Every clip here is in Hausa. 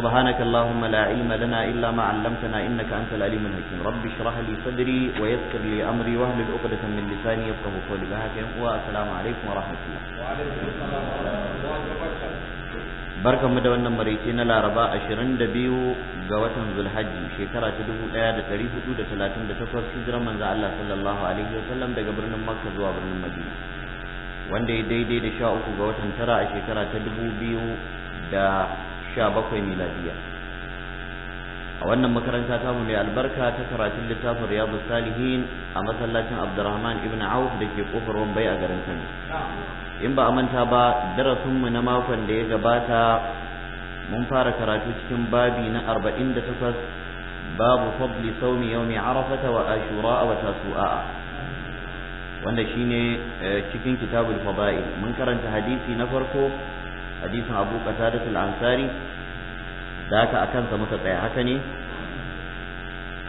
سبحانك اللهم لا علم لنا إلا ما علمتنا إنك أنت العليم الحكيم رب اشرح لي صدري ويسر لي أمري واهلل عقدة من لساني يفقه قولي بهاك والسلام عليكم ورحمة الله وعليكم السلام ورحمة الله وبركاته barkan mu da wannan maraice na laraba 22 ga watan zulhajji shekara ta 1438 hijiran manzo Allah sallallahu alaihi wasallam daga birnin makka zuwa birnin madina wanda ya daidai da 13 ga watan tara a shekara ta 2000 da 17 miladiya a wannan makaranta ta mu mai albarka ta karatun littafin riyadu salihin a masallacin abdurrahman ibn auf da ke kofar wambai a garin kano in ba a manta ba darasinmu na makon da ya gabata mun fara karatu cikin babi na 48 babu fadli saumi yaumi arafata wa ashura wa tasu'a wanda shine eh, cikin kitabul fadail mun karanta hadisi na farko hadisin abu da ansari da aka akan sa muka tsaya haka ne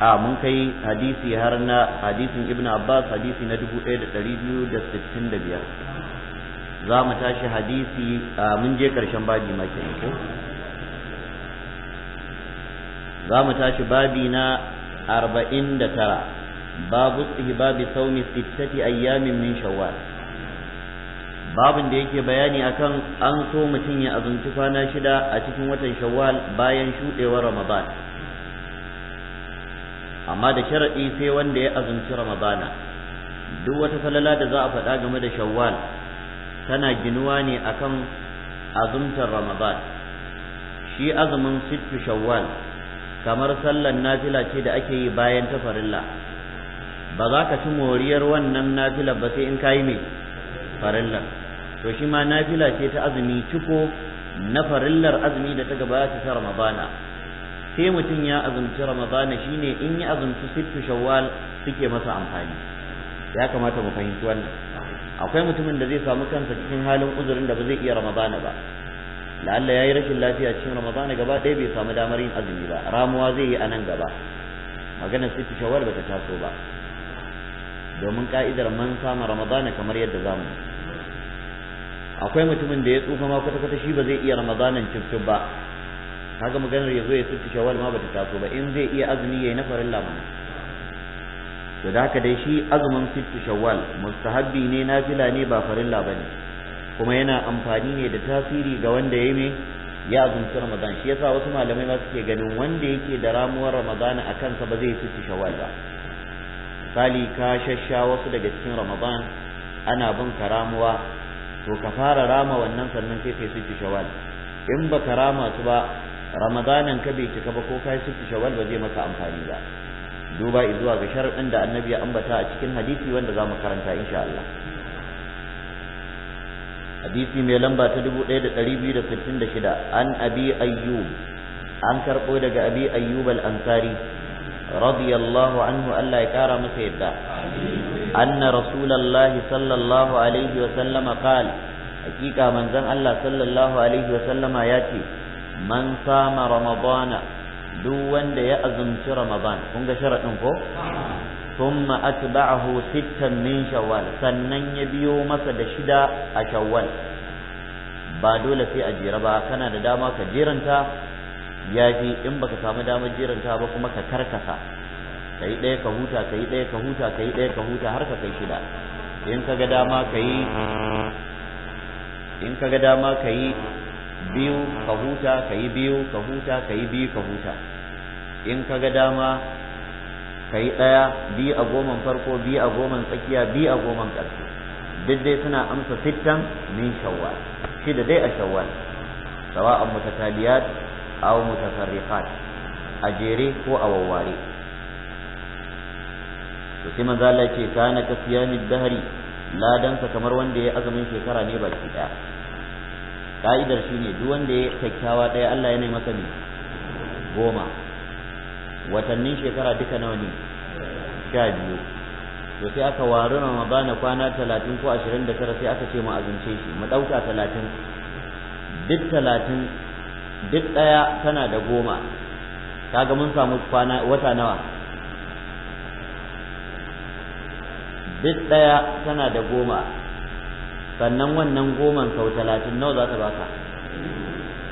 a mun kai hadisi har na hadisin ibn abbas hadisi na 1265 za mu tashi hadisi mun je karshen babi ma ke ko za mu tashi babi na 49 babu babi saumi sittati ayyamin min shawwal babin da yake bayani akan an so mutum ya azumci kwana shida a cikin watan shawwal bayan shuɗewar ramadan amma da sharaɗi sai wanda ya azunci ramadana duk wata falala da za a faɗa game da shawwal tana ginuwa ne akan azumtar ramadan shi azumin sittu shawwal kamar sallar nafila ce da ake yi bayan ta Farilla. ba za ka ci moriyar wannan nafila ba sai in kayi mai farilla to shi ma nafila ce ta azumi ciko na farillar azumi da ta gabata ta ramadana sai mutum ya azumci ramadana shine in ya azumci sittu shawwal suke masa amfani ya kamata mu fahimci wannan akwai mutumin da zai samu kansa cikin halin uzurin da ba zai iya ramadana ba ya yi rashin lafiya cikin ramadana gaba ɗaya bai samu damar yin azumi ba ramuwa zai yi a nan gaba maganar sittu shawwal bata taso ba domin ka'idar man sama ramadana kamar yadda zamu akwai mutumin da ya tsufa ma kwata kwata shi ba zai iya ramadanan cif ba kaga maganar ya zo ya tsufi shawal ma bata taso ba in zai iya azumi yayi na farilla mana to da haka dai shi azumin tsufi shawal mustahabbi ne nafila ne ba farin bane kuma yana amfani ne da tasiri ga wanda ya me ya azumci ramadan shi yasa wasu malamai ma suke ganin wanda yake da ramuwar ramadan a kansa ba zai tsufi shawwal ba misali ka shashsha wasu daga cikin ramadan ana bin karamuwa to ka fara rama wannan sannan sai kai sittu shawwal in baka rama su ba ramadanan ka bai cika ba ko kai sittu shawal ba zai maka amfani ba duba zuwa ga sharadin da annabi ya ambata a cikin hadisi wanda za mu karanta insha Allah hadisi mai lamba ta 1266 an abi ayyub an karbo daga abi ayyub al-ansari radiyallahu anhu Allah ya kara masa yadda أن رسول الله صلى الله عليه وسلم قال حقيقة من زن الله صلى الله عليه وسلم ياتي من صام رمضان دون دي أزمت رمضان كنت شرط نفو ثم أتبعه ستا من شوال سنن يبيو مسد شدا أشوال بعدولة في أجيربا كان داما كجيرنتا ياتي إن بك سام داما جيرنتا بكما ككركسا kai ɗaya ka huta kai ɗaya ka huta kai ɗaya ka huta har ka kai shida in ka ga dama ka yi in ka ga dama ka yi biyu ka huta ka yi biyu ka huta ka yi biyu ka huta in ka ga dama ka yi ɗaya biyu a goman farko biyu a goman tsakiya biyu a goman ƙarshe duk dai suna amsa sittan min shawwal shida dai a shawwal sawa'an mutataliyat aw mutafarriqat a jere ko a wawware to sai manzo Allah yake kana ka siyami dahari ladansa kamar wanda ya azumin shekara ne baki daya ka'idar shine duk wanda ya kyakkyawa daya Allah yana masa ne goma watannin shekara duka nawa ne sha biyu to sai aka wari ramadana kwana talatin ko ashirin da tara sai aka ce mu azumce shi mu ɗauka talatin duk talatin duk ɗaya tana da goma kaga mun samu kwana wata nawa duk ɗaya tana da goma sannan wannan goman sau talatin nawa za ta baka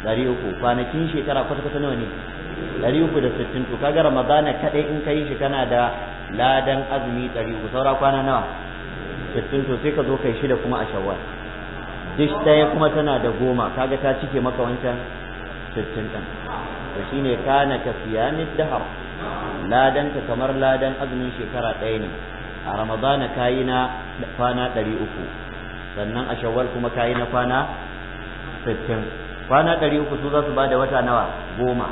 ɗari uku kwanakin shekara kwata-kwata nawa ne ɗari uku da sittin to kaga ramadana kaɗai in ka yi shi kana da ladan azumi ɗari uku saura kwana nawa sittin to sai ka zo kai shida kuma a shawwal duk ɗaya kuma tana da goma kaga ta cike maka wancan sittin ɗin to shine kana ka siyamin dahar ladan ka kamar ladan azumin shekara ɗaya ne a ramadana kayi na kwana ɗari uku sannan a shawar kuma kayi na kwana sittin kwana ɗari uku su za su ba da wata nawa goma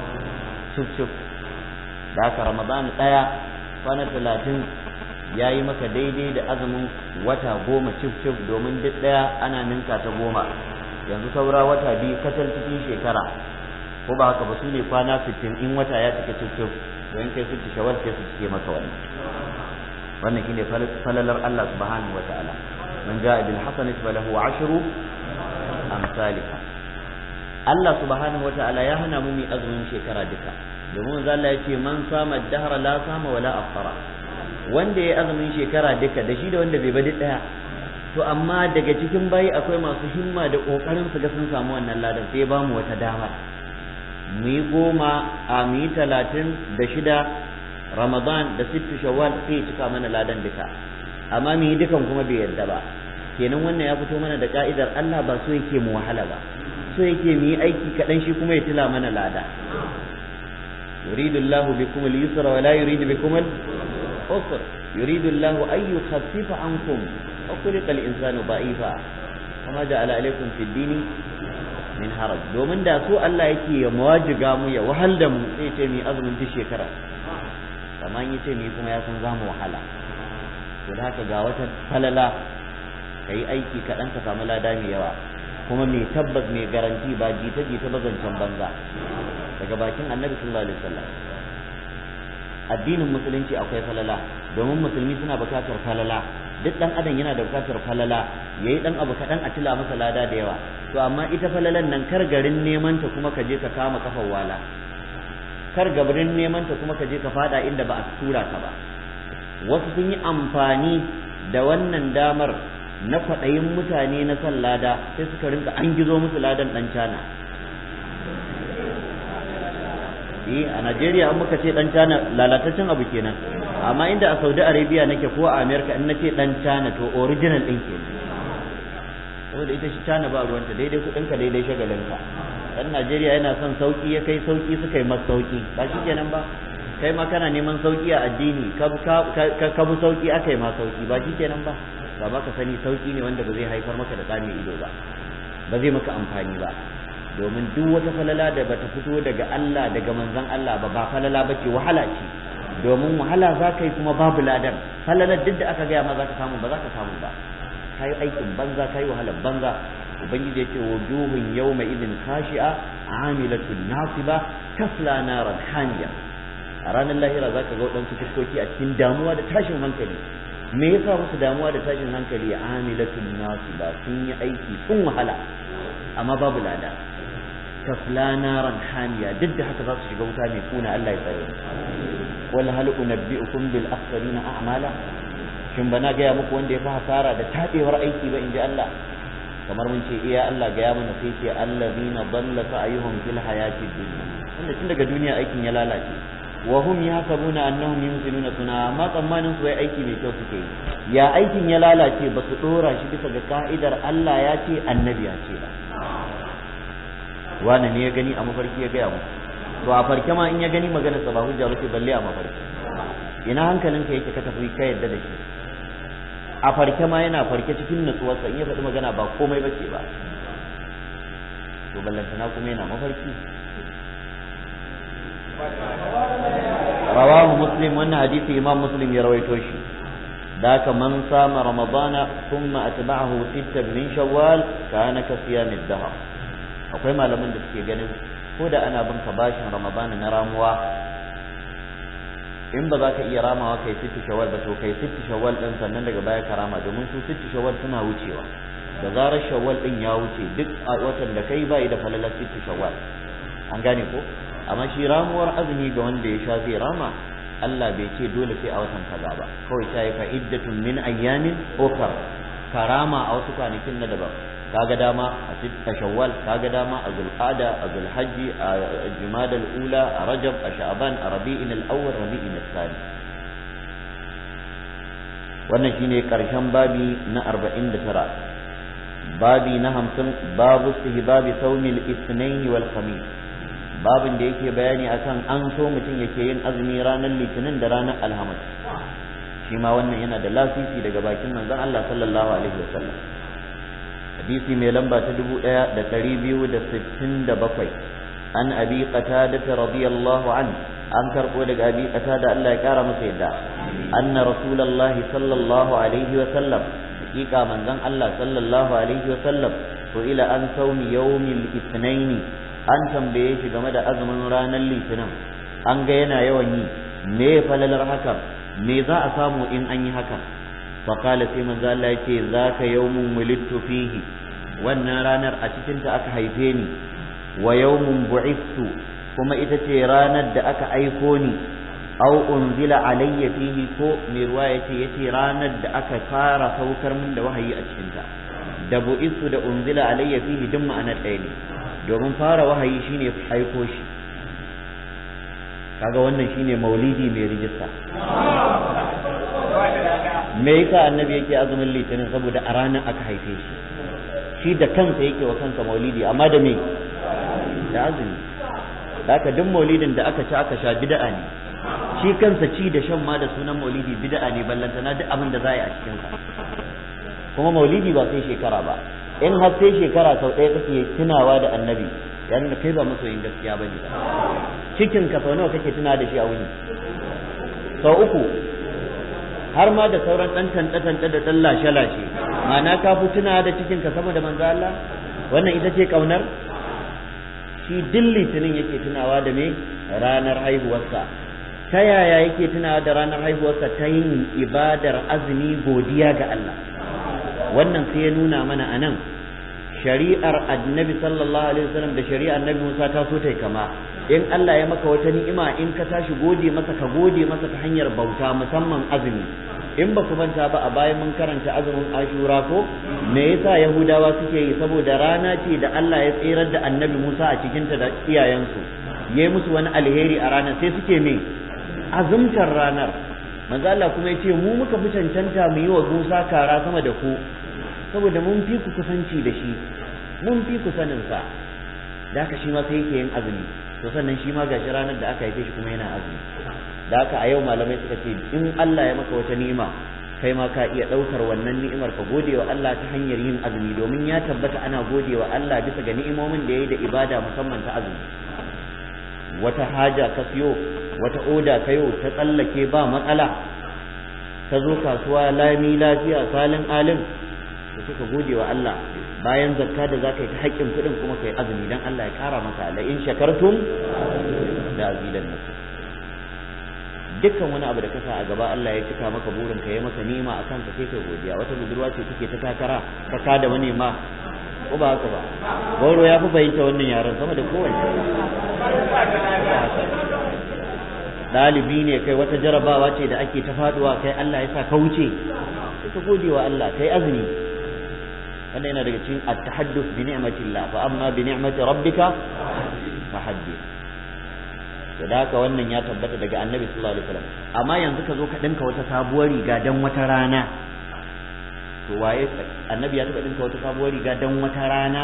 cif cif da aka ramadana ɗaya kwana talatin ya yi maka daidai da azumin wata goma cif cif domin duk ɗaya ana ninka ta goma yanzu saura wata biyu kacal cikin shekara ko ba haka ba su ne kwana sittin in wata ya cika cif cif don kai su ci shawar sai su cike maka wannan wannan shine falalar Allah subhanahu wa ta'ala man jaa bil hasanati falahu ashru amsalika Allah subhanahu wa ta'ala ya hana mu mu azumin shekara duka domin manzo Allah yace man sama dahra la sama wala afara wanda ya azumin shekara duka da shi da wanda bai badi daya to amma daga cikin bayi akwai masu himma da kokarin su ga sun samu wannan ladan sai ba mu wata dama mu yi goma a mu yi talatin da shida ramadan da sittu shawwal sai ya cika mana ladan duka amma mu yi dukan kuma bai yarda ba kenan wannan ya fito mana da ka'idar Allah ba so yake mu wahala ba so yake mu yi aiki kaɗan shi kuma ya tila mana lada yuridu Allahu bikum al-yusra wa la yuridu bikum al-usra yuridu an yukhaffifa ankum wa khuliqa al-insanu da'ifa kama ja'ala alaykum fi ad min haraj domin da so Allah yake ya mawajiga mu ya wahal da mu sai ce mu azumin duk shekara amma in yace me kuma ya san zamu wahala to da haka ga wata falala kai aiki kaɗan ka samu lada mai yawa kuma mai tabbas mai garanti ba jita jita ba zancen banza daga bakin annabi sallallahu alaihi wasallam addinin musulunci akwai falala domin musulmi suna bukatar falala duk dan adam yana da bukatar falala yayi dan abu kadan a tila masa lada da yawa to amma ita falalan nan kar garin neman ta kuma ka je ka kama kafar wala kar gabrin neman ta kuma ka je ka fada inda ba a tura ka ba wasu sun yi amfani da wannan damar na kwaɗayin mutane na son lada sai suka rinka an gizo musu ladan ɗan cana eh a Najeriya an muka ce ɗan cana lalataccen abu kenan amma inda a Saudi Arabia nake ko a America in nace ɗan cana to original din kenan saboda ita shi cana ba ruwanta daidai kuɗinka daidai shagalinka dan Najeriya yana son sauki ya kai sauki suka yi masa sauki ba shi kenan ba kai ma kana neman sauki a addini ka bu sauki aka yi ma sauki ba shi kenan ba ba ba ka sani sauki ne wanda ba zai haifar maka da tsami ido ba ba zai maka amfani ba domin duk wata falala da bata fito daga Allah daga manzon Allah ba ba falala ce wahala ce domin wahala za ka kuma babu ladar falalar duk da aka gaya ma za samu ba za ka samu ba kayi aikin banza kayi wahalar banza ubangiji yake wujuhun yawma idin khashi'a amilatun nasiba tasla naran haniya a ranar lahira zaka ga wadansu fuskoki a cikin damuwa da tashin hankali me yasa musu damuwa da tashin hankali amilatun ba sun yi aiki sun wahala amma babu lada tasla naran haniya duk da haka za su shiga wuta mai kuna Allah ya tsare qul hal unabbi'ukum bil akhsarina a'mala shin ba na gaya muku wanda ya fi hasara da taɗewar aiki ba in ji Allah kamar mun ce iya Allah gaya mana sai ce allazina dalla sa'yuhum fil hayati dunya wanda tun daga duniya aikin ya lalace wa hum yahsabuna annahum yumsiluna suna amma tsammanin su aiki mai kyau suke yi ya aikin ya lalace ba su dora shi bisa ga ka'idar Allah ya ce annabi ya ce ba wannan ne ya gani a mafarki ya gaya muku to a farke ma in ya gani sa ba hujja ba ce balle a mafarki ina hankalinka yake ka tafi ka yadda da shi a farke ma yana farke cikin nutsuwarsa in ya faɗi magana ba komai bace ba to ballantana kuma yana mafarki rawahu muslim wannan hadisi imam muslim ya rawaito shi da ka man sama ramadana thumma atba'ahu sittan min shawwal kana ka siyamid dahr akwai malaman da suke ganin ko da ana bin ka bashin ramadana na ramuwa in ba za ka iya ramawa kai sitti shawal ba to kai sitti shawal din sannan daga baya ka rama domin su sitti shawal suna wucewa da zarar shawwal ɗin ya wuce duk a watan da kai bai da falalar sitti shawal an gane ko amma shi ramuwar azumi ga wanda ya sha zai rama Allah bai ce dole sai a watan kaza ba kawai ta yi fa'iddatun min ayyamin ukhra karama a wasu kwanakin na daban kaga dama a sitta shawwal kaga dama a zulqada a zulhajji a jumadal ula a rajab a sha'ban a rabi'in al-awwal rabi'in al-thani wannan shine karshen babi na 49 babi na 50 babu istihbabi sawmil ithnain wal khamis babin da yake bayani akan an so mutum yake yin azumi ranar litinin da ranar alhamis shi ma wannan yana da lasisi daga bakin manzon Allah sallallahu alaihi wasallam hadisi mai lamba ta dubu ɗaya da ɗari biyu da sittin da bakwai an abi qatada radiyallahu an an karɓo daga abi qatada Allah ya ƙara masa yadda anna rasulullahi sallallahu alaihi wa sallam hakika manzon Allah sallallahu alaihi wa sallam to ila an saumi yawmil ithnaini an tambaye shi game da azumin ranar litinin an ga yana yawan yi me falalar hakan me za a samu in an yi hakan فقال sai من ذا الله يتي ذاك يوم فيه wannan ranar a cikinta aka haife ni wa yawmun bu'ithu kuma ita ce ranar da aka aiko ni aw unzila alayya fihi ko mai ruwa yace yace ranar da aka fara saukar min da wahayi a cikin ta da bu'ithu da unzila alayya fihi duk ma'ana ɗaya ne domin fara wahayi shine aiko shi kaga wannan shine maulidi mai rijista me yasa annabi yake azumin litinin saboda a ranar aka haife shi shi da kansa yake wa kansa maulidi amma da me da azumi haka duk maulidin da aka ci aka sha bid'a ne shi kansa ci da shan ma da sunan maulidi bid'a ne ballantana duk abin da za a yi a kuma maulidi ba sai shekara ba in har sai shekara sau ɗaya kake tunawa da annabi dan da kai ba masoyin gaskiya ba ne cikin ka sau nawa kake tuna da shi a wuni sau uku har ma da sauran ɗan tanɗe da ɗan lashe-lashe ma'ana ka fi da cikin ka sama da manzo Allah wannan ita ce ƙaunar shi duk litinin yake tunawa da me ranar haihuwarsa ta yaya yake tunawa da ranar haihuwarsa ta yin ibadar azumi godiya ga Allah wannan sai ya nuna mana anan shari'ar annabi sallallahu alaihi wasallam da shari'ar annabi Musa ta so ta kama in Allah ya maka wata ni'ima in ka tashi gode masa ka gode masa ta hanyar bauta musamman azumi in ba ku manta ba a bayan mun karanta azumin ashura ko me yasa yahudawa suke yi saboda rana ce da Allah ya tsirar da annabi Musa a cikinta da iyayensu ya yi musu wani alheri a ranar sai suke me azumtar ranar manzo Allah kuma ya ce mu muka fi cancanta mu yi wa gusa kara sama da ku saboda mun fi ku kusanci da shi mun fi ku sanin sa da haka shi ma sai yake yin azumi to sannan shi ma gashi ranar da aka haife shi kuma yana azumi da haka a yau malamai suka ce in Allah ya maka wata ni'ima kai ma ka iya ɗaukar wannan ni'imar ka gode wa Allah ta hanyar yin azumi domin ya tabbata ana gode wa Allah bisa ga ni'imomin da ya yi da ibada musamman ta azumi wata haja ka siyo wata oda ka yau ta tsallake ba matsala ta zo kasuwa lami lafiya salin alin da suka gode wa Allah bayan zakka da zaka yi ta haƙƙin kuɗin kuma kai azumi don Allah ya kara maka ala in shakartum azidan nasu dukkan wani abu da ka sa a gaba Allah ya cika maka burin ka ya masa nima a kanka sai ka godiya wata budurwa ce take ta takara ka ka da wani ma ko ba haka ba gauro ya fi fahimta wannan yaran sama da kowace ɗalibi ne kai wata jarabawa ce da ake ta faduwa kai Allah ya sa ka wuce ka gode wa Allah kai azumi wannan yana daga cikin at-tahadduth bi ni'matillah fa amma bi ni'mati rabbika fahaddith to da haka wannan ya tabbata daga annabi sallallahu alaihi wasallam amma yanzu ka zo ka dinka wata sabuwar riga dan wata rana to waye annabi ya taba dinka wata sabuwar riga dan wata rana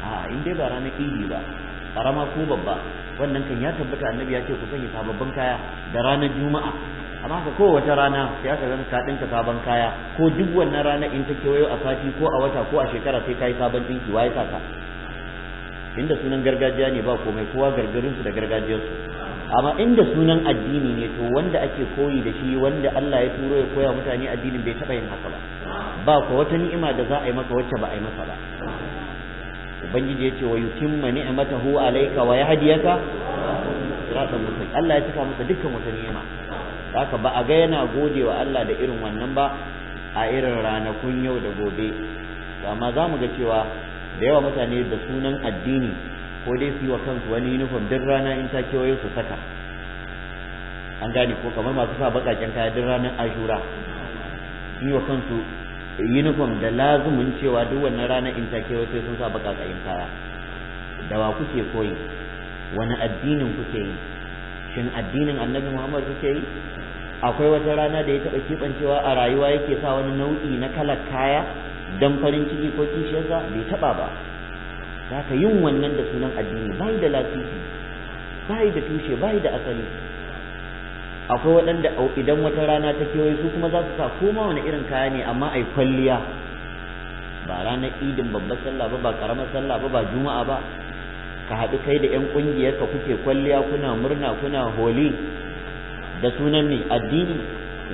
a in dai ba ranar idi ba karama ko babba wannan kan ya tabbata annabi ya ce ku sanya sababbin kaya da ranar juma'a amma ka kowace rana ya ka zama ka ɗinka sabon kaya ko duk wannan rana in ta kewayo a sati ko a wata ko a shekara sai ka yi sabon ɗinki waye ya ka inda sunan gargajiya ne ba komai kowa su da gargajiyarsu amma inda sunan addini ne to wanda ake koyi da shi wanda Allah ya turo ya koya mutane addinin bai taɓa yin haka ba ba ko wata ni'ima da za a yi maka wacce ba a yi masa ba ubangiji ya ce wa yutimma ni'matahu alayka wa yahdiyaka siratan mustaqim Allah ya cika masa dukkan wata ni'ima haka ba a ga yana gode wa Allah da irin wannan ba a irin ranakun yau da gobe amma za mu ga cewa da yawa mutane da sunan addini ko dai su yi wa kansu wani uniform duk rana in ta kewaye su saka an gane ko kamar masu sa baƙaƙen kaya duk ranar ashura su yi wa kansu uniform da lazumin cewa duk wannan rana in ta kewaye sai sun sa baƙaƙen kaya da wa kuke koyi wani addinin kuke yi shin addinin annabi muhammad suke yi akwai wata rana da ya taɓa kibancewa a rayuwa yake sa wani nau'i na kalar kaya don farin ciki ko kishiyarsa bai taɓa ba za ka yin wannan da sunan addini bai da lasisi bai da tushe bai da asali akwai waɗanda idan wata rana ta kewaye su kuma za su sa koma wani irin kaya ne amma ai kwalliya ba ranar idin babbar sallah ba ba karamar sallah ba ba juma'a ba ka haɗu kai da 'yan ƙungiyar ka kuke kwalliya kuna murna kuna holi da sunan mai addini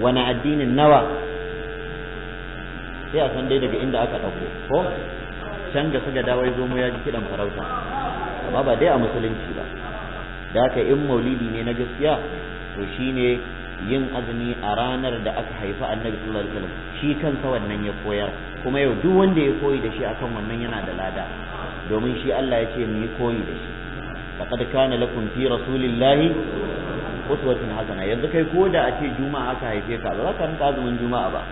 wani addinin nawa sai a san dai daga inda aka ɗauko ko can ga suka dawai zo mu ya ji kiɗan farauta amma ba dai a musulunci ba da haka in maulidi ne na gaskiya to shine yin azumi a ranar da aka haifi annabi sallallahu alaihi wasallam shi kansa wannan ya koyar kuma yau duk wanda ya koyi da shi akan wannan yana da lada domin shi Allah ya ce mu yi koyi da shi laqad kana lakum fi rasulillahi uswatun hasana yanzu kai ko da a ce juma'a aka haife ka ba za ka rinka azumin juma'a ba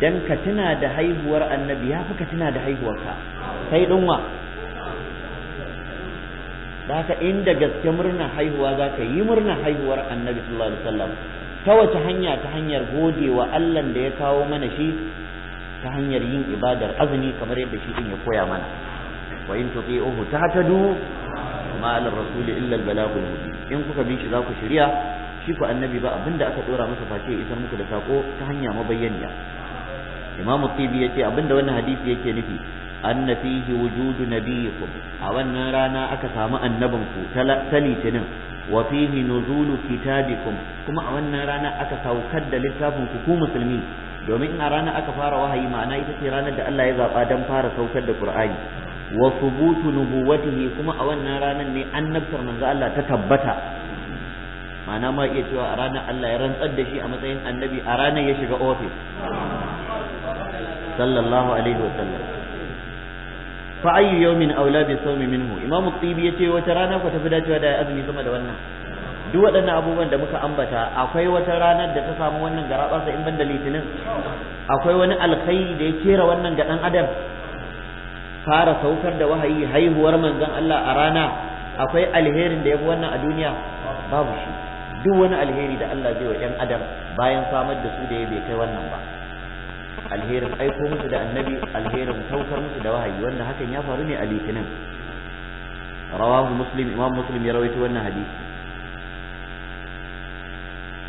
dan ka tuna da haihuwar annabi ya fi ka tuna da haihuwarka kai dinwa da ka inda gaske murna haihuwa za ka yi murna haihuwar annabi sallallahu alaihi wasallam ta wace hanya ta hanyar godewa Allah da ya kawo mana shi ta hanyar yin ibadar azumi kamar yadda shi din ya koya mana wa in tuti'uhu tahtadu ma ala rasuli illa al-balagul in kuka bi shi za ku shirya shi ku annabi ba abinda aka dora masa face ya isar muku da sako ta hanya mabayyaniya imam tibi yace abinda wannan hadisi yake nufi anna fihi wujudu nabiyikum a wannan rana aka samu annabin ku ta litinin wa fihi nuzulu kitabikum kuma a wannan rana aka saukar da littafin ku ku musulmi domin a rana aka fara wahayi ma'ana ita ce ranar da Allah ya zaba dan fara saukar da Qur'ani wa thubutu nubuwatihi kuma a wannan ranar ne annabtar manzo Allah ta tabbata ma'ana ma iya cewa a ranar Allah ya rantsar da shi a matsayin annabi a ranar ya shiga ofis sallallahu alaihi wa sallam fa ayyu yawmin aula bi sawmi minhu imamu tibi yace wata rana ku tafi dacewa da azumi sama da wannan duk waɗannan abubuwan da muka ambata akwai wata ranar da ta samu wannan garaɓasa in banda litinin akwai wani alkhairi da ya kera wannan ga ɗan adam fara saukar da wahayi haihuwar manzon Allah a rana akwai alherin da ya fi wannan a duniya babu shi duk wani alheri da Allah zai wa 'yan adam bayan samar da su da ya bai kai wannan ba alherin aiko musu da annabi alherin saukar musu da wahayi wanda hakan ya faru ne a litinin rawahu muslim imam muslim ya rawaito wannan hadisi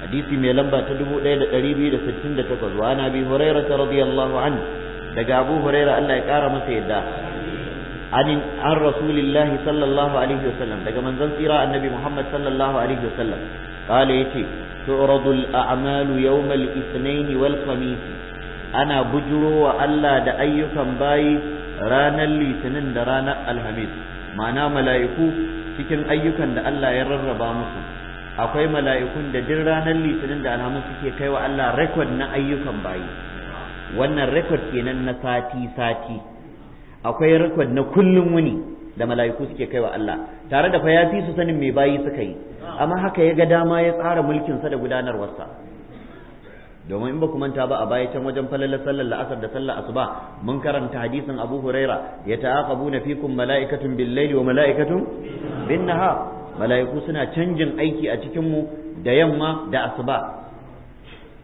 hadisi mai lamba ta 1268 wa ana bi hurairah radiyallahu anhu daga abu hurairah Allah ya kara masa yadda عن عن رسول الله صلى الله عليه وسلم daga manzon tsira annabi Muhammad sallallahu alaihi wasallam قال yace تعرض Amalu يوم الاثنين والخميس ana bujuro wa Allah da ayyukan bayi ranar litinin da ranar alhamis ma'ana mala'iku cikin ayyukan da Allah ya rarraba musu akwai mala'ikun da duk ranar litinin da alhamis suke kai wa Allah rekod na ayyukan bayi wannan rekod kenan na sati sati akwai rekod na kullum wuni da mala'iku suke kai wa Allah tare da fa ya su sanin me bayi suka yi amma haka ya ga dama ya tsara mulkin mulkinsa da gudanarwarsa domin in ba ku manta ba a baya can wajen falalar sallar la'asar da sallar asuba mun karanta hadisin Abu Huraira ya ta'aqabuna fikum mala'ikatun billayli wa mala'ikatun bin-nahar mala'iku suna canjin aiki a cikin mu da yamma da asuba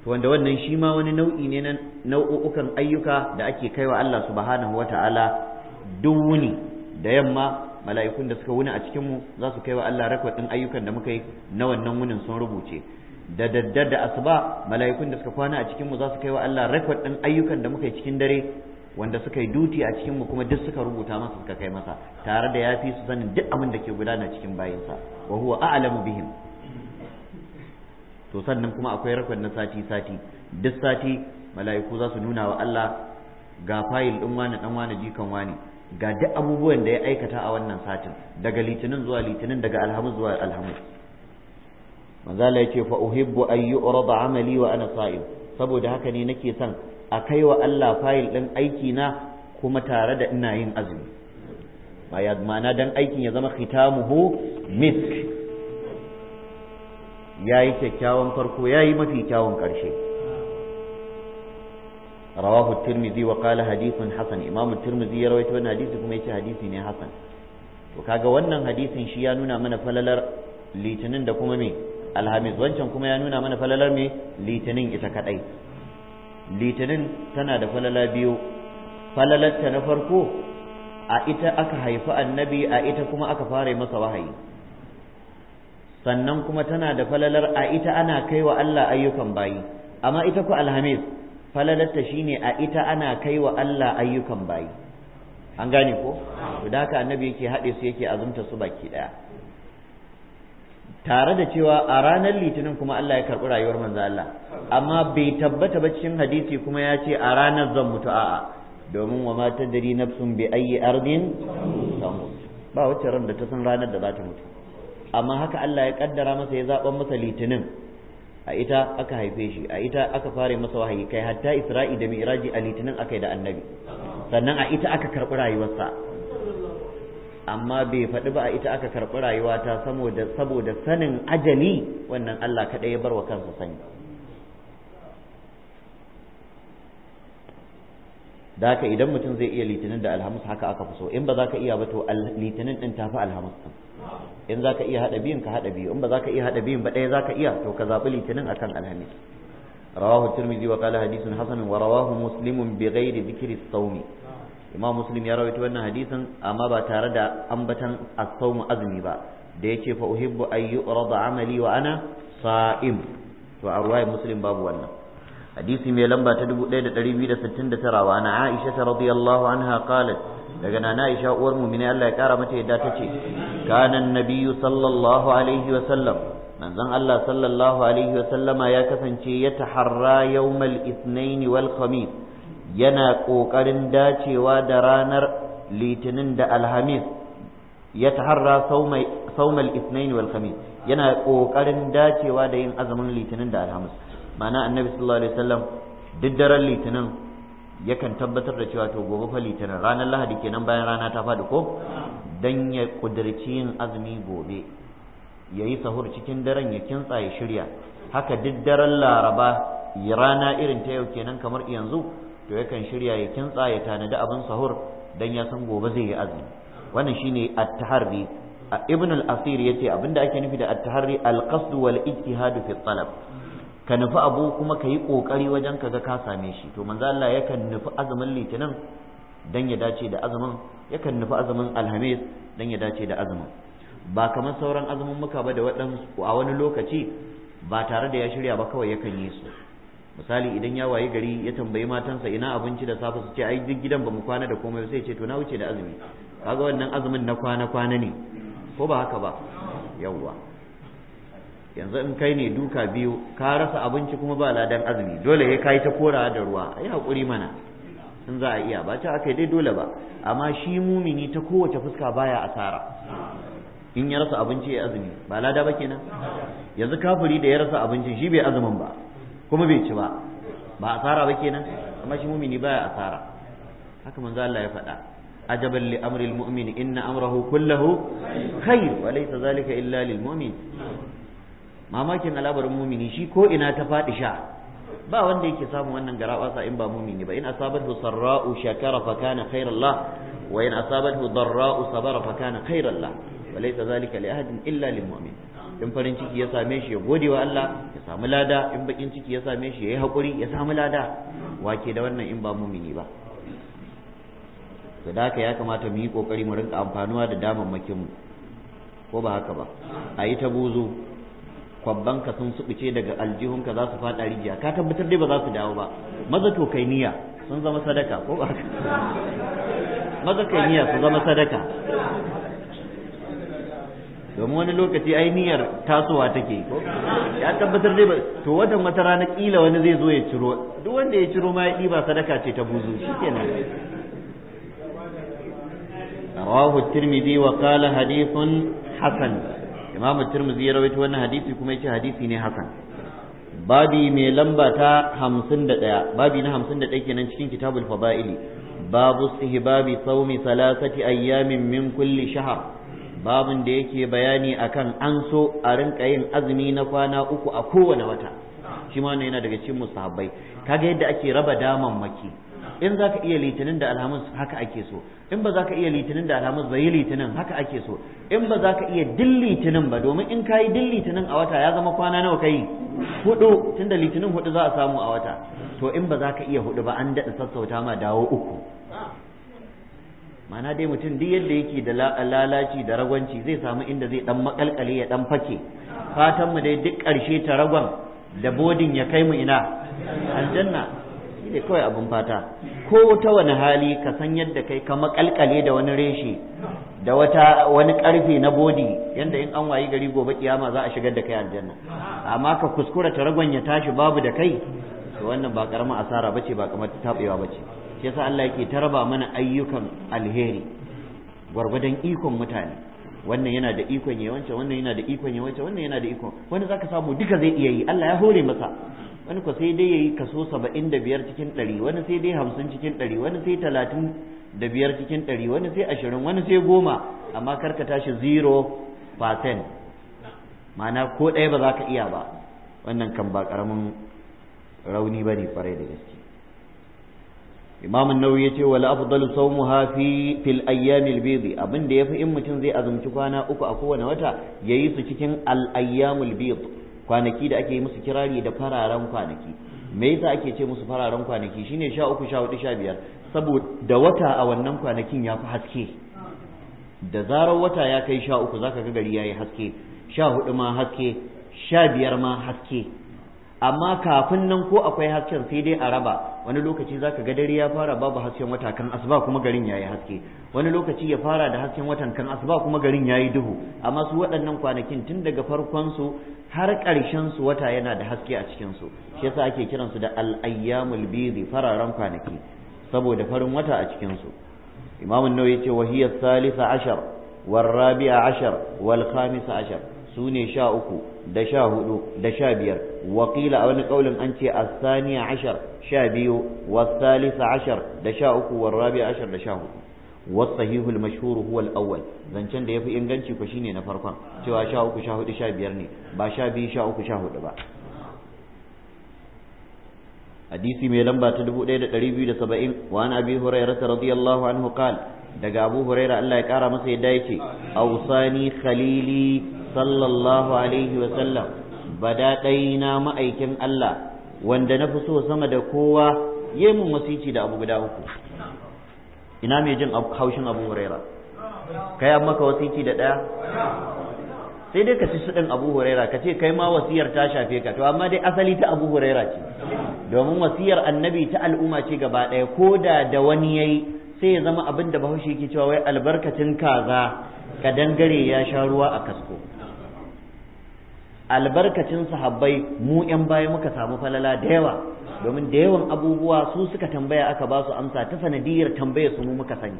wanda wannan shi ma wani nau'i ne na nau'ukan ayyuka da ake kaiwa Allah subhanahu wata'ala duk wuni da yamma mala'ikun da suka wuni a cikin mu za su kaiwa Allah rakwatin ayyukan da muka yi na wannan wunin sun rubuce da daddar da asuba mala'ikun da suka kwana a cikinmu mu za su kaiwa Allah rekod ayyukan da muka yi cikin dare wanda suka yi duti a cikin mu kuma duk suka rubuta masa suka kai masa tare da yafi su sanin duk abin da ke gudana cikin bayinsa wa huwa a'lamu bihim to sannan kuma akwai rakwan na sati sati duk sati mala'iku za su nuna wa Allah ga fayil din wani dan wani jikan wani ga duk abubuwan da ya aikata a wannan satin daga litinin zuwa litinin daga alhamis zuwa alhamis manzala yake fa uhibbu an yu'rada amali wa ana sa'im saboda haka ne nake son a kai wa Allah fayil ɗin aiki na kuma tare da ina yin azumi ba ya ma'ana dan aikin ya zama khitamuhu misk ya yi kyakkyawan farko ya yi mafi kyawun ƙarshe رواه wa وقال حديث hasan imamu الترمذي ya rawaito wannan hadisi kuma yace hadisi ne hasan to kaga wannan hadisin shi ya nuna mana falalar litinin da kuma me alhamis wancan kuma ya nuna mana falalar me litinin ita kadai litinin tana da falala biyu falalarta na farko a ita aka haifi annabi a ita kuma aka fara masa wahayi sannan kuma tana da falalar a ita ana kaiwa Allah ayyukan bayi amma ita ku alhamis falalarta shine a ita ana kaiwa Allah ayyukan bayi an gane ko to da haka annabi yake haɗe su yake azumta su baki ɗaya tare da cewa a ranar litinin kuma Allah ya karɓi rayuwar manzo Allah amma bai tabbata ba cikin hadisi kuma ya ce a ranar zan mutu a'a domin wa ma tadri nafsun bi ayyi ardin ba wacce ran da ta san ranar da za ta mutu amma haka Allah ya kaddara masa ya zaɓa masa litinin a ita aka haife shi a ita aka fara masa wahayi kai hatta Isra'i da Mi'raji a litinin akai da Annabi sannan a ita aka karɓi rayuwarsa amma bai faɗi ba a ita aka karɓi rayuwata saboda saboda sanin ajali wannan Allah kaɗai ya bar wa kansa sani da haka idan mutum zai iya litinin da alhamis haka aka fi so in ba za ka iya ba to litinin ɗin tafi alhamis ɗin in za ka iya haɗa biyun ka haɗa biyu in ba za ka iya haɗa biyun ba ɗaya za ka iya to ka zaɓi litinin akan alhamis rawahu tirmidhi wa qala hadithun hasan wa rawahu muslimun bi ghairi dhikri as-sawmi imam muslim ya rawaito wannan hadisin amma ba tare da ambatan as-sawm ba da yake fa uhibbu an yu'rada amali wa ana sa'im to a ruwayar muslim babu wannan hadisi mai lamba ta 1269 wa ana aisha radiyallahu anha qalat daga nana aisha uwar mu'mini Allah ya kara mata yadda tace kana annabiyyu sallallahu alaihi wa sallam manzon Allah sallallahu alaihi wa sallama ya kasance ya taharra yawmal ithnain wal khamis yana ƙoƙarin dacewa da ranar litinin da alhamis ya taharra saumal isnain wal khamis yana ƙoƙarin dacewa da yin azumin litinin da alhamis ma'ana annabi sallallahu alaihi wasallam duk daren litinin yakan tabbatar da cewa to gobe fa litinin ranar lahadi kenan bayan rana ta faɗi ko dan ya kudirci yin azumi gobe ya yi sahur cikin daren ya kintsa ya shirya haka duk daren laraba rana irin ta yau kenan kamar yanzu to yakan shirya ya kintsa ya tanadi abin sahur dan ya san gobe zai yi azumi wannan shine at-taharri ibn al-asir yace abinda ake nufi da at-taharri al-qasd wal ijtihad fi talab ka nufi abu kuma ka yi kokari wajen kaga ka same shi to manzo Allah yakan nufi azumin litinin dan ya dace da azumin yakan nufi azumin alhamis dan ya dace da azumin ba kamar sauran azumin muka ba da waɗansu a wani lokaci ba tare da ya shirya ba kawai yakan yi su misali idan ya wayi gari ya tambayi matansa ina abinci da safe su ce ai duk gidan bamu kwana da komai sai ce to na wuce da azumi kaga wannan azumin na kwana kwana ne ko ba haka ba yawwa yanzu in kai ne duka biyu ka rasa abinci kuma ba ladan azumi dole ya kai ta kora da ruwa ai hakuri mana in za a iya ba ta aka dai dole ba amma shi mumini ta kowace fuska baya asara in ya rasa abinci ya azumi ba lada ba kenan yanzu kafiri da ya rasa abinci shi bai azumin ba kuma bai ci ba ba asara ba kenan amma shi mumini baya asara haka manzo Allah ya faɗa ajaban li amri almu'min inna amrahu kullahu khair wa laysa zalika illa lil mamakin alabarin mumini shi ko ina ta faɗi sha ba wanda yake samun wannan garabasa in ba mumini ba in asabathu sarra'u shakara fa kana khairan wa in asabathu darra'u sabara fa kana khairan wa laysa zalika li ahadin illa lil in farin ciki ya same shi ya gode wa Allah ya samu lada in bakin ciki ya same shi ya yi haƙuri ya samu lada wake da wannan in ba mumini ba to da ya kamata mu yi kokari mu rinka amfanuwa da damammakin mu ko ba haka ba a yi ta buzu kwabbanka sun subuce daga aljihunka ka za su faɗa rijiya ka tabbatar dai ba za su dawo ba maza to kai niyya sun zama sadaka ko ba haka maza kai niyya su zama sadaka domin wani lokaci ai niyyar tasowa take ko ya tabbatar dai ba. to watan wata rana kila wani zai zo ya ciro duk wanda ya ciro ma ya ɗiba sadaka ce ta buzu shikenan rawahu tirmidhi wa qala hadithun hasan imam tirmidhi ya rawaito wannan hadisi kuma yace hadisi ne hasan babi mai lamba ta 51 babi na 51 kenan cikin kitabul fadaili babu istihbabi sawmi thalathati ayyamin min kulli shahr Babun da yake bayani akan an so a rinka yin azumi na kwana uku a kowane wata shi ma yana daga cikin musahabbai kaga yadda ake raba daman maki in zaka iya litinin da alhamis haka ake so in ba zaka iya litinin da alhamis ba yi litinin haka ake so in ba zaka iya din litinin ba domin in kayi din litinin a wata ya zama kwana nawa kai hudu tunda litinin hudu za a samu a wata to in ba zaka iya hudu ba an daɗa sassauta ma dawo uku mana dai mutum duk yadda yake da lalaci da ragwanci zai samu inda zai dan makalkale ya dan fake fatan mu dai duk ƙarshe ta ragon da bodin ya kai mu ina aljanna shi ne kawai abin fata ko ta wani hali ka san yadda kai ka makalkale da wani reshe da wata wani karfe na bodi yanda in an wayi gari gobe kiyama za a shigar da kai aljanna amma ka kuskura ta ragon ya tashi babu da kai to wannan ba karaman asara bace ba kamar tabewa bace shi yasa Allah yake tarba mana ayyukan alheri gwargwadon ikon mutane wannan yana da ikon ya wancan wannan yana da ikon ya wancan wannan yana da ikon wani zaka samu duka zai iya yi Allah ya hore masa wani ko sai dai yayi kaso 75 cikin 100 wani sai dai 50 cikin 100 wani sai 35 cikin 100 wani sai 20 wani sai 10 amma karka tashi 0% ma'ana ko ɗaya ba za ka iya ba wannan kan ba ƙaramin rauni ba ne farai da gaske imam Nauyi ya yace wal afdalu sawmuha fi fil ayyam al bayd abin da yafi in mutum zai azumci kwana uku a kowane wata yayi su cikin al-ayyam al bayd kwanaki da ake yi musu kirari da fararen kwanaki me yasa ake ce musu fararen kwanaki shine 13 14 15 saboda wata a wannan kwanakin ya fi haske da zarar wata ya kai 13 zaka ga gari yayi haske 14 ma haske 15 ma haske amma kafin nan ko akwai hasken sai dai a raba wani lokaci zaka ga dare ya fara babu hasken wata kan asuba kuma garin yayi haske wani lokaci ya fara da hasken watan kan asuba kuma garin yayi duhu amma su waɗannan kwanakin tun daga farkon su har ƙarshen su wata yana da haske a cikin su shi yasa ake kiran su da al-ayyamul bidi fararen kwanaki saboda farin wata a cikin su imamu nawawi yace wa hiya thalitha ashar wal rabi'a ashar wal khamisa ashar sune sha uku da sha hudu da sha biyar wakila a wani kaulin an ce asaniya ashar sha biyu wasalisa ashar da sha uku warrabi ashar da sha hudu والصحيح المشهور هو awwal zancen da yafi inganci ku shine na farkon cewa sha uku sha hudu sha biyar ne ba sha biyu sha uku sha hudu ba hadisi mai lamba ta dubu ɗaya da ɗari biyu da saba'in wa an abi hurairah radiyallahu anhu qal daga abu hurairah Allah ya kara masa yadda yace awsani khalili sallallahu alaihi wa sallam bada na ma'aikin Allah wanda na fi so sama da kowa yi mun wasici da abu guda uku ina mai jin haushin abu huraira kai an maka wasici da ɗaya sai dai ka ci suɗin abu huraira ka ce kai ma wasiyar ta shafe ka to amma dai asali ta abu huraira ce domin wasiyar annabi ta al'umma ce gaba ɗaya ko da da wani yayi sai ya zama abin da bahaushe ke cewa wai albarkacin kaza ka dangare ya sha ruwa a kasko albarkacin sahabbai mu yan baya muka samu falala da yawa domin da yawan abubuwa su suka tambaya aka ba su amsa ta sanadiyar tambaya su mu muka sani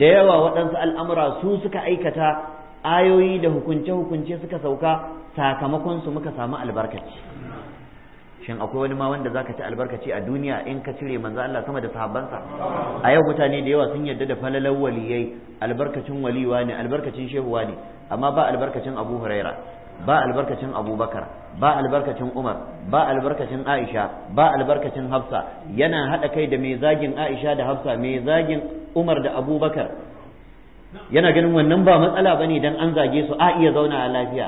da yawa waɗansu al'amura su suka aikata ayoyi da hukunce-hukunce suka sauka sakamakon su muka samu albarkaci shin akwai wani ma wanda zaka ci albarkaci a duniya in ka cire manzo Allah sama da sahabbansa a yau mutane da yawa sun yarda da falalar waliyai albarkacin waliwa ne albarkacin shehuwa ne amma ba albarkacin Abu Huraira ba albarkacin abubakar ba albarkacin umar ba albarkacin aisha ba albarkacin hafsa yana haɗa kai da mai zagin aisha da hafsa mai zagin umar da abubakar yana ganin wannan ba matsala ba ne don an zage su a iya zauna a lafiya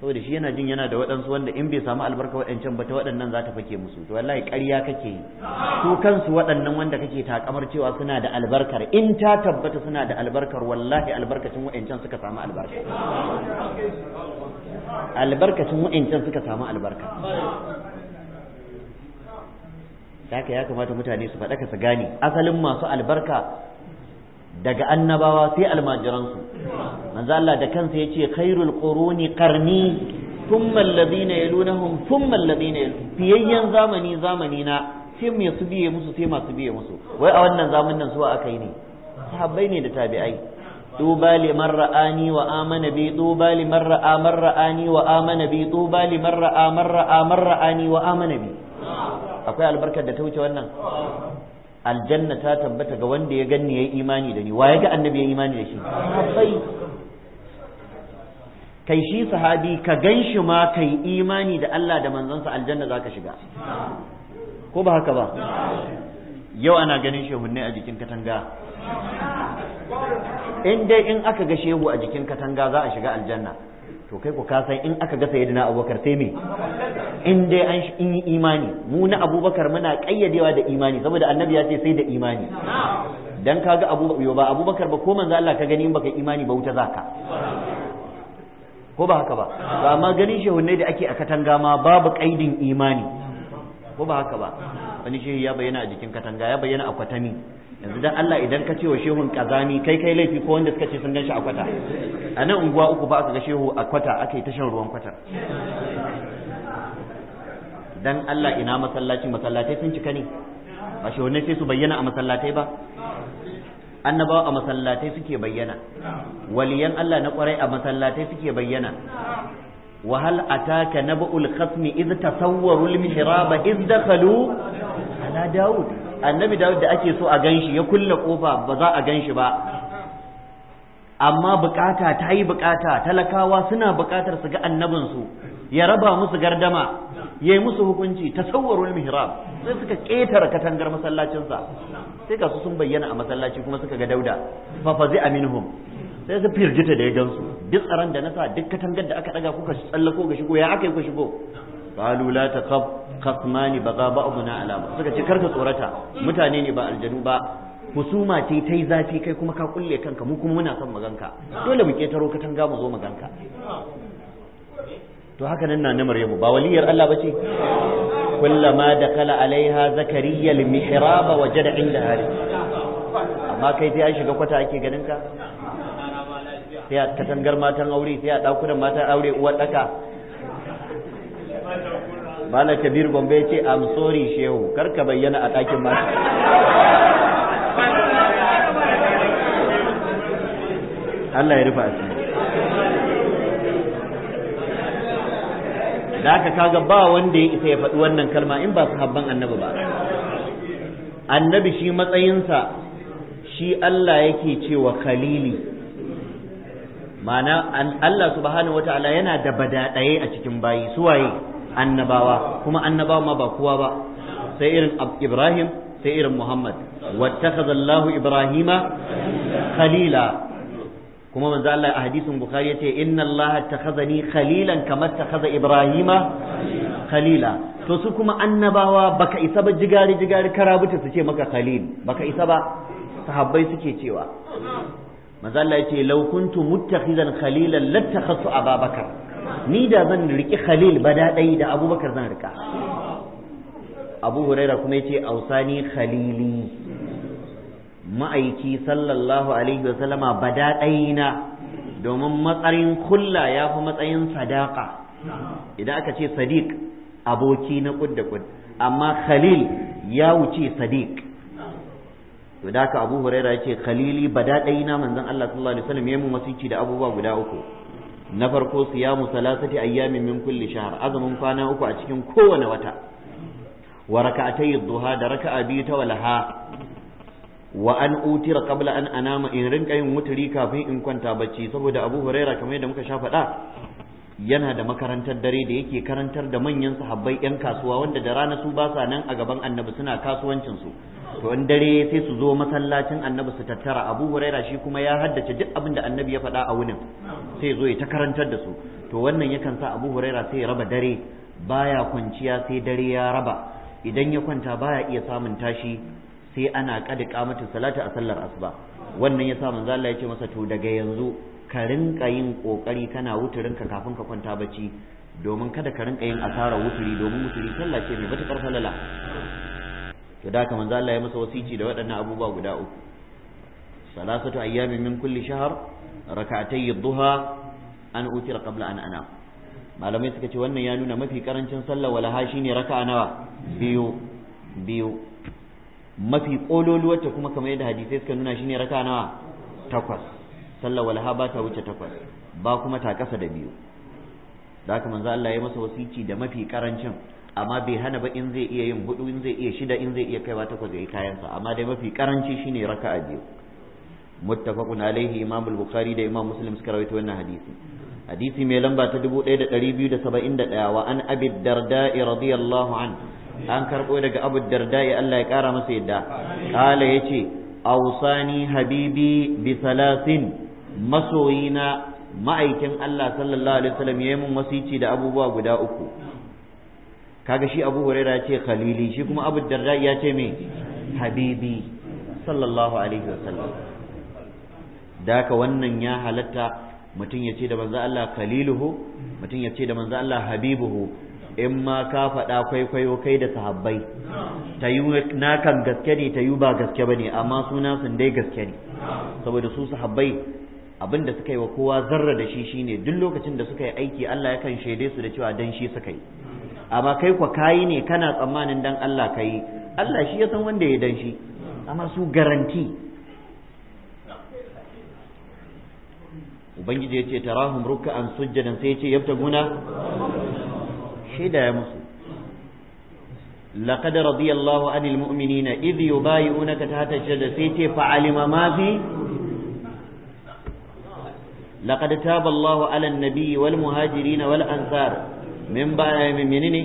saboda shi yana jin yana da waɗansu wanda in bai samu albarka waɗancan ba ta waɗannan za ta fake musu to wallahi ƙarya kake yi su kansu waɗannan wanda kake takamar cewa suna da albarkar in ta tabbata suna da albarkar wallahi albarkacin waɗancan suka samu albarka albarkacin wa'incan suka samu albarka haka ya kamata mutane su faɗaka su gane asalin masu albarka daga annabawa sai almajiransu manzo Allah da kansa ya na khairul quruni qarni thumma alladhina yalunahum thumma alladhina fiyayyan zamani zamani na sai ya su biye musu sai masu biye musu wai a wannan zamanin su aka yi ne sahabbai ne da tabi'ai طوبى لمن رآني وآمن بي طوبى لمن رأى من رآني وآمن بي طوبى لمن رأى من رأى من رآني وآمن بي akwai albarkar da ta wuce wannan aljanna ta tabbata ga wanda ya ganni yayi imani da ni wa ya ga annabi yayi imani da shi sai kai shi sahabi ka ganshi ma kai imani da Allah da manzansa aljanna zaka shiga ko ba haka ba yau ana ganin shehunne a jikin katanga in dai in aka ga shehu a jikin katanga za a shiga aljanna to kai ku kasan in aka ga sayyidina abubakar sai me in dai an in yi imani mu na abubakar muna kayyadewa da imani saboda annabi ya ce sai da imani dan kaga abubakar ba abubakar ba ko manzo Allah ka gani in baka imani ba wuta zaka ko ba haka ba amma ganin ne da ake a katanga ma babu kaidin imani ko ba haka ba wani shehu ya bayyana a jikin katanga ya bayyana a kwatami yanzu dan Allah idan ka ce wa shehun kazani kai kai laifi ko wanda suka ce sun ganshi a kwata a nan unguwa uku ba aka ga shehu a kwata aka yi tashan ruwan kwata dan Allah ina masallaci masallatai sun cika ne ba shehunai sai su bayyana a masallatai ba annabawa a masallatai suke bayyana waliyan Allah na kwarai a masallatai suke bayyana wa hal ataka naba'ul khasmi idh tasawwaru al-mihraba idh dakhalu ala daud annabi Dawud da ake so a gan shi ya kulle kofa ba za a gan shi ba amma bukata ta yi bukata talakawa suna bukatar su ga annabinsu ya raba musu gardama ya yi musu hukunci wani mihrab sai suka ƙetare katangar masallacinsa sai ga su sun bayyana a masallaci kuma suka ga dauda fa fazi aminhum sai su firgita da ya gansu duk tsaron da na duk katangar da aka ɗaga kuka tsallako ga shigo ya aka yi ku shigo قالوا لا takhaf khasmani baga بعضنا على بعض suka ce karka tsorata mutane ne ba aljanu ba husuma ce tai zafi kai kuma ka kulle kanka mu kuma muna son maganka dole mu ketaro ka tanga mu zo maganka to haka nan na maryamu ba waliyar Allah bace kullama dakala alaiha zakariya almihraba wajada hari amma kai sai an shiga kwata ake ganin sai a katangar matan aure sai a dakunan matan aure uwar daka malam kabir gombe ya ce am sorry shehu kar ka bayyana a ɗakin mata Allah ya rufa asiri da aka kaga ba wanda ya isa ya faɗi wannan kalma in ba su habban annabi ba annabi shi matsayinsa shi Allah yake cewa khalili ma'ana Allah subhanahu ta'ala yana da badaɗaye a cikin bayi suwaye waye annabawa kuma annabawa ma ba kowa ba sai irin Ibrahim sai irin Muhammad wattakhadha Allahu Ibrahima khalila kuma manzo Allah a hadisin Bukhari yace inna Allah takhazani khalilan kama takhaza Ibrahima khalila to su kuma annabawa baka isa ba jigari jigari karabuta su ce maka khalil baka isa ba sahabbai suke cewa manzo Allah yace law kuntu muttakhizan khalilan lattakhadtu Ababakar ni da zan riki khalil da ɗai da abubakar zan rika abu huraira kuma ya ce ausani khalili ma'aiki sallallahu alaihi wa sallama bada na. domin matsayin kulla ya fi matsayin sadaka idan aka ce sadiq aboki na kud da amma khalil ya wuce sadiq to da haka abu huraira ya ce khalili bada na manzon Allah sallallahu alaihi wa ya mu wasici da abubuwa guda uku na farko siyamu salasati ayyamin min kulli shahr azumin kwana uku a cikin kowane wata wa raka'atay dhuha da raka'a biyu ta walaha wa an utira qabla an anama in rinka yin wuturi kafin in kwanta bacci saboda Abu Huraira kamar yadda muka sha faɗa yana da makarantar dare da yake karantar da manyan sahabbai 'yan kasuwa wanda da rana su ba sa nan a gaban annabi suna kasuwancin su to wani dare sai su zo masallacin annabi su tattara abu huraira shi kuma ya haddace duk abin da annabi ya faɗa a wunin sai zo ya ta karantar da su to wannan yakan sa abu huraira sai ya raba dare baya kwanciya sai dare ya raba idan ya kwanta baya iya samun tashi sai ana kada kamatu salatu a sallar asuba wannan ya sa manzo Allah ya ce masa to daga yanzu ka rinka yin kokari kana wuturinka kafin ka kwanta bacci domin kada ka rinka yin asara wuturi domin wuturi sallah ce mai matuƙar falala to da manzo Allah ya masa wasici da waɗannan abubuwa guda uku salasatu ayyamin min kulli shahr rak'atay dhuha duha an utira qabla an ana malamai suka ce wannan ya nuna mafi karancin wala ha shine raka'a nawa biyu biyu mafi kololuwar kuma kamar yadda hadisai suka nuna shine raka'a nawa takwas wala ha ba ta wuce takwas ba kuma ta kasa da biyu da haka manzo Allah ya masa wasici da mafi karancin amma bai hana ba in zai iya yin hudu in zai iya shida in zai iya kaiwa takwas yayi kayansa amma dai mafi karanci shine raka'a biyu muttafaqun alaihi imam al-bukhari da imam muslim suka rawaito wannan hadisi hadisi mai lamba ta 1271 wa an abi darda'i radiyallahu an an karbo daga abu darda'i Allah ya kara masa yadda kala yace awsani habibi bi salasin masoyina ma'aikin Allah sallallahu alaihi wasallam yayi wasici da abubuwa guda uku kaga shi abu huraira ce khalili shi kuma abu darda ya ce me habibi sallallahu alaihi wasallam da wannan ya halatta mutum ya ce da manzo Allah khaliluhu mutum ya ce da manzo Allah habibuhu in ma ka faɗa kwaikwayo kai da sahabbai ta yi na kan gaske ne ta yi ba gaske ba ne amma suna sun dai gaske ne saboda su sahabbai abin da suka yi wa kowa zarra da shi shine duk lokacin da suka yi aiki Allah yakan shaide su da cewa dan shi suka yi amma kai kwa kayi ne kana tsammanin dan Allah kayi Allah shi ya san wanda ya dan shi amma su garanti ubangiji ya ce tarahum ruk'an sujjadan sai ya ce yabtaguna Shida ya musu لقد رضي الله عن المؤمنين إذ يبايعونك تحت الشجرة سيتي فعلم ما في لقد تاب الله على النبي والمهاجرين والأنصار min baya min na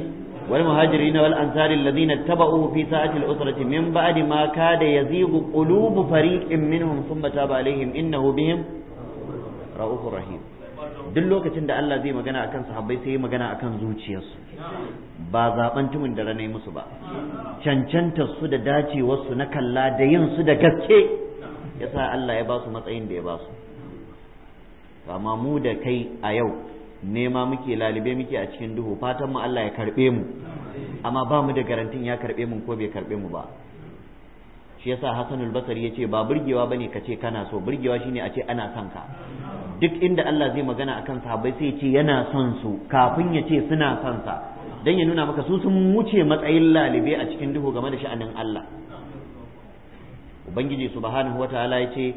wal muhajirin wal na alladhina tabauhu fi sa'ati al usrati min ba'di ma kada yazighu qulubu fariqin minhum thumma taba alaihim innahu bihim ra'ufur rahim duk lokacin da Allah zai magana akan sahabbai sai magana akan zuciyarsu ba zaben tumin da ranai musu ba cancantar su da dacewar su na kalla da yin su da gaske yasa Allah ya basu matsayin da ya basu. su mu da kai a yau nema muke lalibe muke a cikin duhu fatan mu Allah ya karbe mu amma ba mu da garantin ya karbe mu ko bai karbe mu ba shi yasa Hassanul Basri yace ba burgewa bane kace kana so burgewa shine a ce ana son ka duk inda Allah zai magana akan sahabbai sai ce yana son su kafin ya ce suna son sa dan ya nuna maka su sun wuce matsayin lalibe a cikin duhu game da sha'anin Allah ubangiji subhanahu wataala yace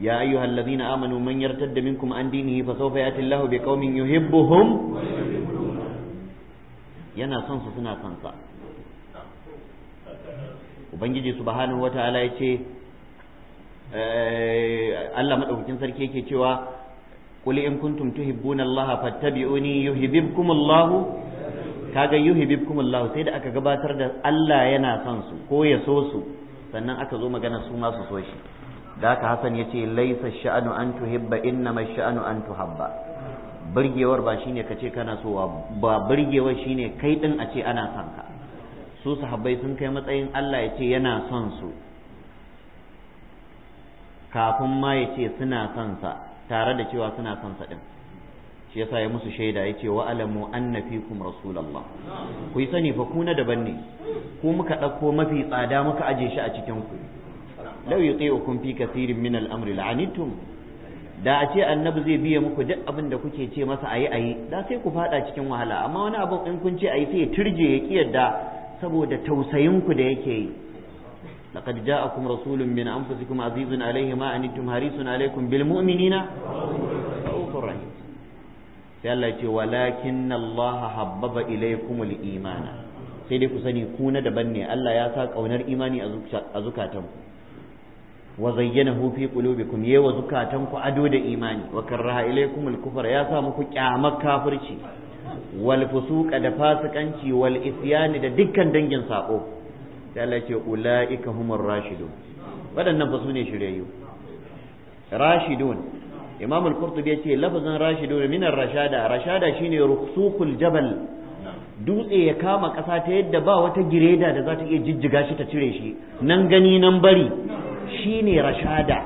يا أيها الذين آمنوا من يرتد منكم عن دينه فسوف يأتي الله بقوم يحبهم yana son su suna son ubangiji subhanahu wataala Allah madaukakin sarki yake cewa qul in kuntum tuhibbuna Allah fattabi'uni yuhibbukum Allah sai da aka gabatar da Allah yana son su ko ya so su sannan aka zo magana su ma su so shi da haka hasan ya ce laisa sha'anu an tuhibba innama sha'anu an tuhabba burgewar ba shine kace kana so ba burgewar shine kai din a ce ana son ka su sahabbai sun kai matsayin Allah ya ce yana son su kafin ma ya ce suna son sa tare da cewa suna son sa din shi yasa ya musu shaida ya ce wa alamu anna fikum rasulullah ku yi sani fa kuna daban ne ku muka ɗauko mafi tsada muka aje shi a cikin ku law yuti'ukum fi kathirin min al-amri da a ce annabi zai biya muku duk abin da kuke ce masa ayi ayi da sai ku fada cikin wahala amma wani abu in kun ce ayi sai ya turje ya ki yadda saboda tausayin ku da yake yi laqad ja'akum rasulun min anfusikum azizun alayhi ma anittum harisun alaykum bil mu'minina sai Allah ya ce walakin Allah habbaba ilaykum al-imana sai dai ku sani ku na daban ne Allah ya sa kaunar imani a zukatanku wa zayyana zayyanahu fi qulubikum yawa zukatanku ado da imani wa karaha ilaykum al ya sa muku kyamar kafirci wal fusuqa da fasikanci wal isyani da dukkan dangin sako sai Allah ce ulaika humur rashidun waɗannan fa sune shiryayyu rashidun imam al-qurtubi ya ce lafazin rashidun min ar-rashada rashada shine rukhsukul jabal dutse ya kama ƙasa ta yadda ba wata gireda da za ta iya jijjiga shi ta cire shi nan gani nan bari shine rashada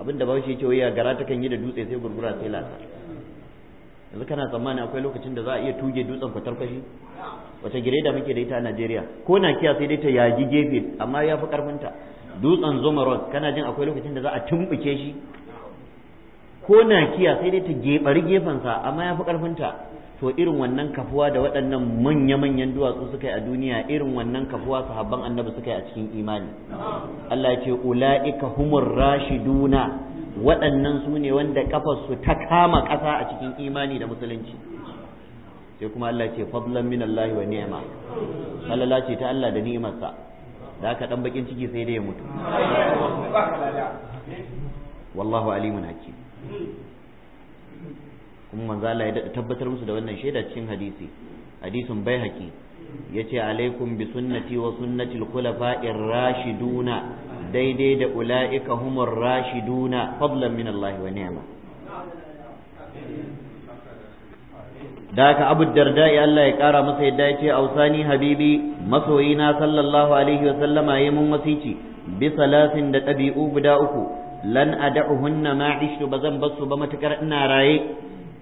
abinda ba shi ce wai gara ta kan yi da dutse sai gurgura sai lasa yanzu kana tsammani akwai lokacin da za a iya tuge dutsen kwatar wace gireda muke da ita a Najeriya ko na kiya sai dai ta yagi gefe amma ya fi ta dutsen zomarot kana jin akwai lokacin da za a tumbuke shi ko na kiya sai dai ta gebari gefensa amma ya fi ta to irin wannan kafuwa da waɗannan manya-manyan duwatsu suka yi a duniya irin wannan kafuwa sahabban annabi suka yi a cikin imani Allah ce ula'ika humur rashiduna waɗannan su ne wanda kafarsu ta kama ƙasa a cikin imani da musulunci sai kuma Allah ce fadlan min Allah wa ni'ma falala ce ta Allah da ni'imarsa da aka dan bakin ciki sai dai ya mutu wallahu alimun hakim kuma manzo Allah ya tabbatar musu da wannan shaida cikin hadisi hadisin baihaqi yace alaikum bi sunnati wa sunnati al-khulafa'ir rashiduna daidai da ulaika humur rashiduna fadlan min Allah wa ni'ma da haka abu darda Allah ya kara masa yadda ya ce ausani habibi masoyina sallallahu alaihi wa sallama yayi mun wasici bi salasin da ɗabi'u guda uku lan ad'uhunna ma ishtu bazan basu ba matakar ina raye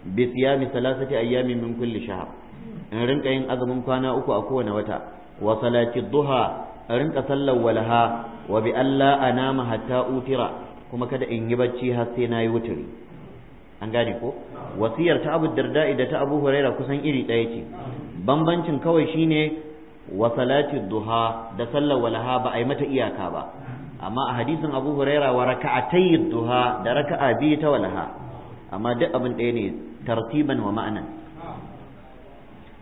bi siyami salasati ayyamin min kulli shahr in rinka yin azumin kwana uku a kowane wata wa salati duha rinka sallar walaha wa bi alla anama hatta utira kuma kada in yi bacci har sai nayi wuturi an gane ko wasiyar ta Abu Darda da ta Abu Huraira kusan iri ɗaya ce bambancin kawai shine wa salati duha da sallar walaha ba a yi mata iyaka ba amma a hadisin Abu Huraira wa raka'atay duha da raka'a biyu ta walaha amma duk abin ɗaya ne tartiban wa ma'anan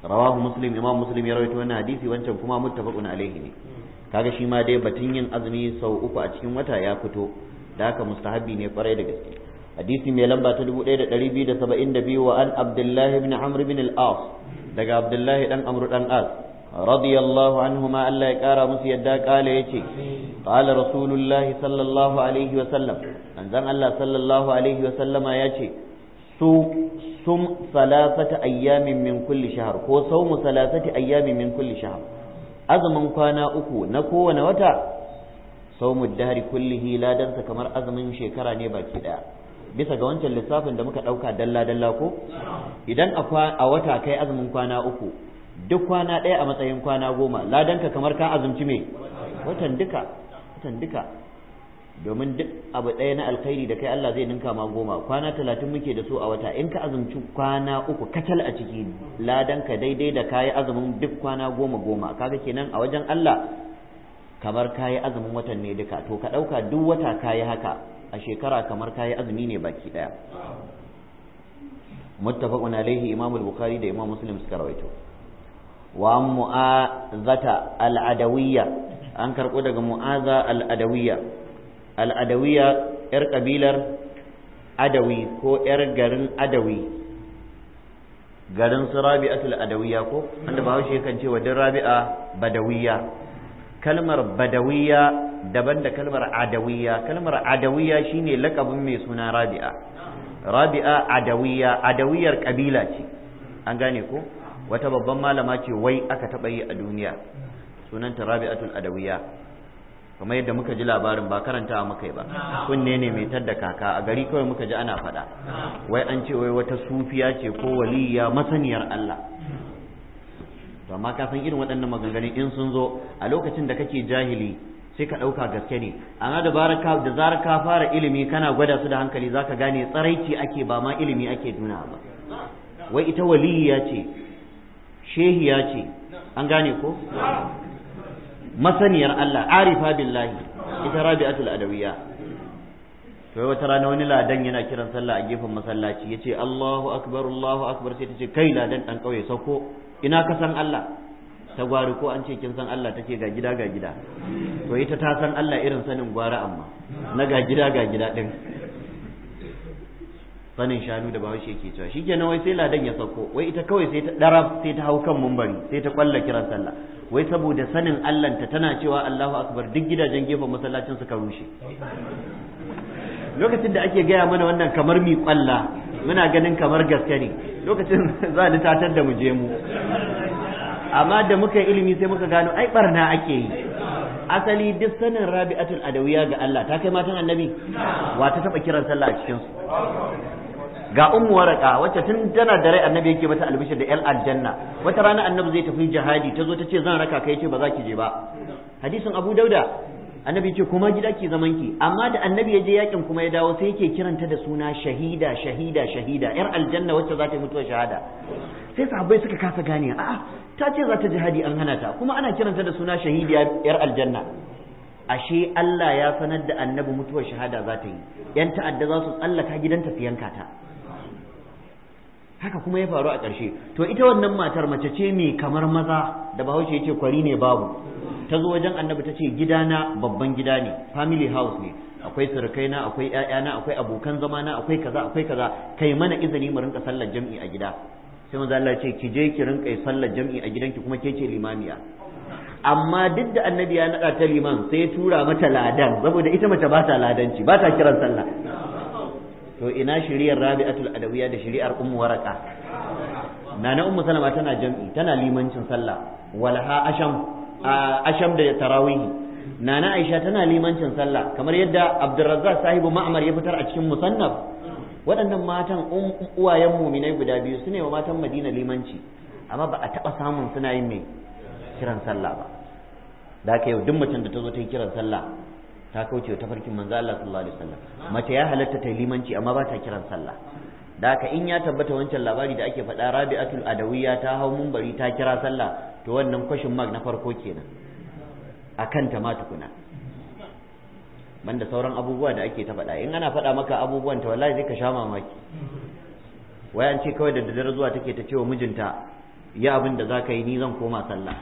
rawahu muslim imam muslim ya rawaito wannan hadisi wancan kuma muttafaqun alaihi ne kaga shi ma dai batun yin azumi sau uku a cikin wata ya fito da haka mustahabi ne kwarai da gaske hadisi mai lamba ta 1272 wa an abdullahi ibn amr ibn al-as daga abdullahi dan amr dan as radiyallahu anhuma Allah ya kara musu yadda kala yace qala rasulullahi sallallahu alaihi wa sallam manzon Allah sallallahu alaihi wa sallama yace su salasata ayyamin min kulli shahr ko saumu salasati ayyamin min kulli shahr azumin kwana uku na kowane wata saumu dahri kullihi ladansa kamar azumin shekara ne baki daya bisa ga wancan lissafin da muka dauka dalla dalla ko idan a wata kai azumin kwana uku duk kwana ɗaya a matsayin kwana goma ladanka kamar ka azumci me watan duka watan duka domin duk abu ɗaya na alkhairi da kai Allah zai ninka ma goma kwana talatin muke da su a wata in ka azumci kwana uku kacal a ciki ladanka daidai da kayi azumin duk kwana goma goma kaga kenan a wajen Allah kamar kayi azumin watan ne duka to ka ɗauka duk wata kayi haka a shekara kamar kayi azumi ne baki ɗaya muttafaqun alaihi imamul bukhari da imam muslim suka rawaito wa mu'azata al'adawiyya an karɓo daga mu'aza al'adawiyya al'adawiyya yar kabilar adawi ko yar garin adawi garin su rabi'atul adawiyya ko wanda bahaushe kan ce wa rabi'a badawiyya kalmar badawiyya daban da kalmar adawiyya kalmar adawiyya shine lakabin mai suna rabi'a rabi'a adawiyya adawiyar ƙabila ce an gane ko wata babban malama ce wai aka taɓa yi a duniya sunanta rabi'atul adawiya kamar yadda muka ji labarin ba karantawa muka yi ba kunne ne mai tadda kaka a gari kawai muka ji ana faɗa wai an ce wai wata sufiya ce ko waliya masaniyar Allah to amma ka san irin waɗannan maganganun in sun zo a lokacin da kake jahili sai ka ɗauka gaske ne amma da da zarar ka fara ilimi kana gwada su da hankali zaka gane tsaraici ake ba ma ilimi ake nuna ba wai ita waliya ce shehiya ce an gane ko masaniyar Allah arifa billahi ita rabi'atul adawiya. to wata rana wani ladan yana kiran sallah a gefen masallaci yace Allahu akbar Allahu akbar sai tace kai ladan dan kauye sako ina ka san Allah ta gwari ko an ce kin san Allah take ga gida ga gida to ita ta san Allah irin sanin gwara amma na ga gida ga gida din sanin shanu da bahaushe yake cewa shi kenan wai sai ladan ya sauko wai ita kawai sai ta dara sai ta hau kan mumbari sai ta kwalla kiran sallah wai saboda sanin Allah ta tana cewa Allahu akbar duk gidajen gefen masallacin suka rushe lokacin da ake gaya mana wannan kamar mi kwalla muna ganin kamar gaske ne lokacin za ni tatar da mu je mu amma da muka yi ilimi sai muka gano ai barna ake yi asali duk sanin rabi'atul adawiya ga Allah ta kai matan annabi wa ta taba kiran sallah a cikin su ga ummu waraka wacce tun tana da rai annabi yake mata albishir da yal aljanna wata rana annabi zai tafi jihadi zo ta ce zan raka kai ce ba za ki je ba hadisin abu dauda annabi ce kuma gida ki zaman ki amma da annabi ya je yakin kuma ya dawo sai yake kiranta da suna shahida shahida shahida yar aljanna wacce za ta yi mutuwar shahada sai sahabbai suka kasa gane a'a ta ce za ta jihadi an hana ta kuma ana kiranta da suna shahidiya yar aljanna ashe Allah ya sanar da annabi mutuwar shahada za ta yi yan ta'adda za su tsallaka gidanta su yanka ta haka kuma ya faru a ƙarshe to ita wannan matar mace ce mai kamar maza da bahaushe ya ce kwari ne babu ta zo wajen annabi ta ce gidana babban gida ne family house ne akwai surukaina akwai ƴaƴana akwai abokan na akwai kaza akwai kaza kai mana izini mu rinka sallar jam'i a gida sai maza Allah ce ki je ki rinka sallar jam'i a gidanki kuma ke ce limamiya amma duk da annabi ya nada ta liman sai ya tura mata ladan saboda ita mace ba ta ladanci ba ta kiran sallah to ina shiriyar rabi'atul adawiya da shiriyar ummu waraka nana ummu salama tana jam'i tana limancin sallah walha asham asham da tarawih nana aisha tana limancin sallah kamar yadda abdurrazzaq sahibu ma'mar ya fitar a cikin musannaf waɗannan matan um, uwayen muminai guda biyu su ne wa matan madina limanci amma ba a taɓa samun suna yin mai kiran sallah ba da haka yau duk mutum da ta zo ta yi kiran sallah ta kauce ta farkin manzo Allah sallallahu alaihi wasallam mace ya halatta ta limanci amma ba ta kiran sallah da haka in ya tabbata wancan labari da ake faɗa rabi'atul adawiyya ta hau mumbari ta kira sallah to wannan kwashin mark na farko kenan akan ta ma tukuna banda sauran abubuwa da ake ta faɗa in ana faɗa maka abubuwan ta wallahi zai ka sha mamaki wai ce kawai da daddare zuwa take ta ce wa mijinta ya abin da za yi ni zan koma sallah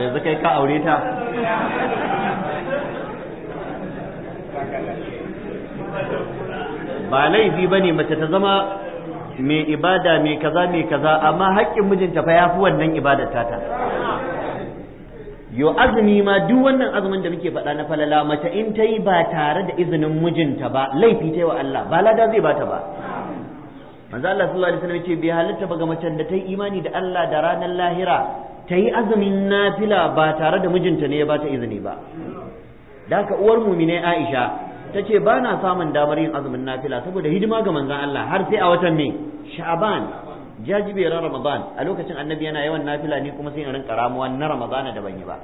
yanzu kai ka aure ta ba laifi ba ne mace ta zama mai ibada mai kaza mai kaza amma haƙƙin mijinta fa ya fi wannan ibadar tata yo azumi ma duk wannan azumin da muke faɗa na falala mace in ta yi ba tare da izinin mijinta ba laifi ta yi wa Allah ba lada zai bata ba manzo Allah sallallahu alaihi wasallam ce bai halatta ba ga mace da ta yi imani da Allah da ranar lahira ta yi azumin nafila ba tare da mijinta ne ya ba izini ba da ka uwar mumine aisha ta ce ba na samun damar yin azumin nafila saboda hidima ga manzan Allah har sai a watan ne. Sha'aban, jajiberar ramadan a lokacin annabi yana yawan nafila ne kuma sai in rinka ramuwa na ramadan da ban yi ba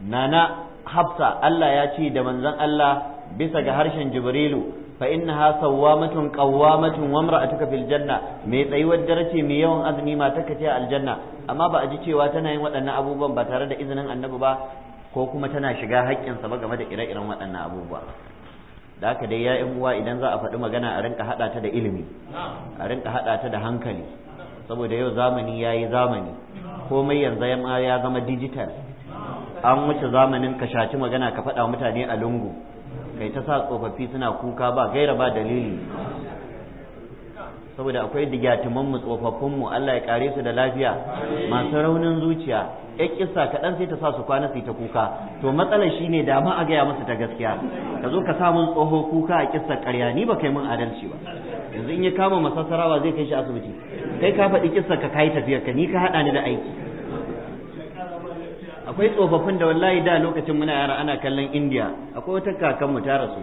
nana hafsa Allah ya ce da manzan Allah bisa ga harshen jibrilu fa innaha sawwamatun qawwamatun wa imra'atuka fil janna mai tsayuwar darace mai yawan azumi matarka ce aljanna amma ba a ji cewa tana yin waɗannan abubuwan ba tare da izinin annabi ba ko kuma tana shiga sa ba game da ire-iren waɗannan abubuwa da haka dai ya'yan uwa idan za a faɗi magana a rinka haɗa ta da ilimi a rinka haɗa ta da hankali saboda yau zamani ya yi zamani komai yanzu ya zama digital an wuce zamanin ka shaci magana ka faɗa mutane a lungu kai ta sa tsofaffi suna kuka ba gaira ba dalili saboda akwai digyatiman mu tsofaffin mu Allah ya kare su da lafiya masu raunin zuciya ƴan kissa kaɗan sai ta sa su kwana su ta kuka to matsalar shi ne dama a gaya masa ta gaskiya ka zo ka sa tsoho kuka a kissa ƙarya ni ba kai mun adalci ba yanzu in ya kama masassarawa zai kai shi asibiti kai ka faɗi kissa ka kai tafiyar ka ni ka haɗa ni da aiki akwai tsofaffin da wallahi da lokacin muna yara ana kallon indiya akwai wata kakan mu ta rasu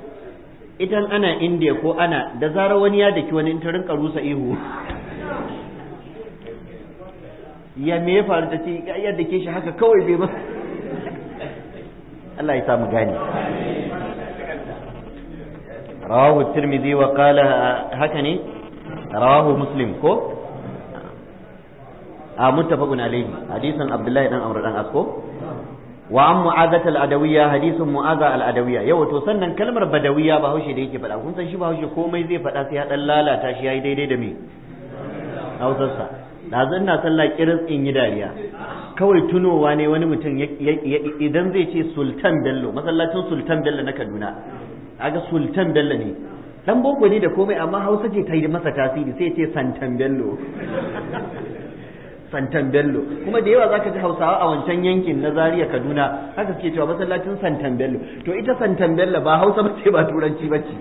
idan ana indiya ko ana da zarar wani ya daki wani ta rinka rusa ihu ya me ya faru ta ce ya dake shi haka kawai bai ba Allah ya sa mu gani rawahu tirmidhi wa qala haka ne rawahu muslim ko a muttafaqun alayhi hadisin abdullahi dan amr dan asko wa an mu'azat al-adawiyya hadisin mu'aza al-adawiyya yau to sannan kalmar badawiyya ba haushe da yake faɗa kun san shi ba haushe komai zai faɗa sai ya dan lalata shi yayi daidai da me hausarsa ɗazu ina sallah kiris in yi dariya kawai tunowa ne wani mutum idan zai ce sultan bello masallacin sultan bello na kaduna aga sultan bello ne dan boko ne da komai amma hausa ce ta yi masa tasiri sai ce santan bello santan bello kuma da yawa zaka ji hausawa a wancan yankin na Zariya kaduna haka suke cewa masallacin santan bello to ita santan bello ba hausa bace ba turanci bace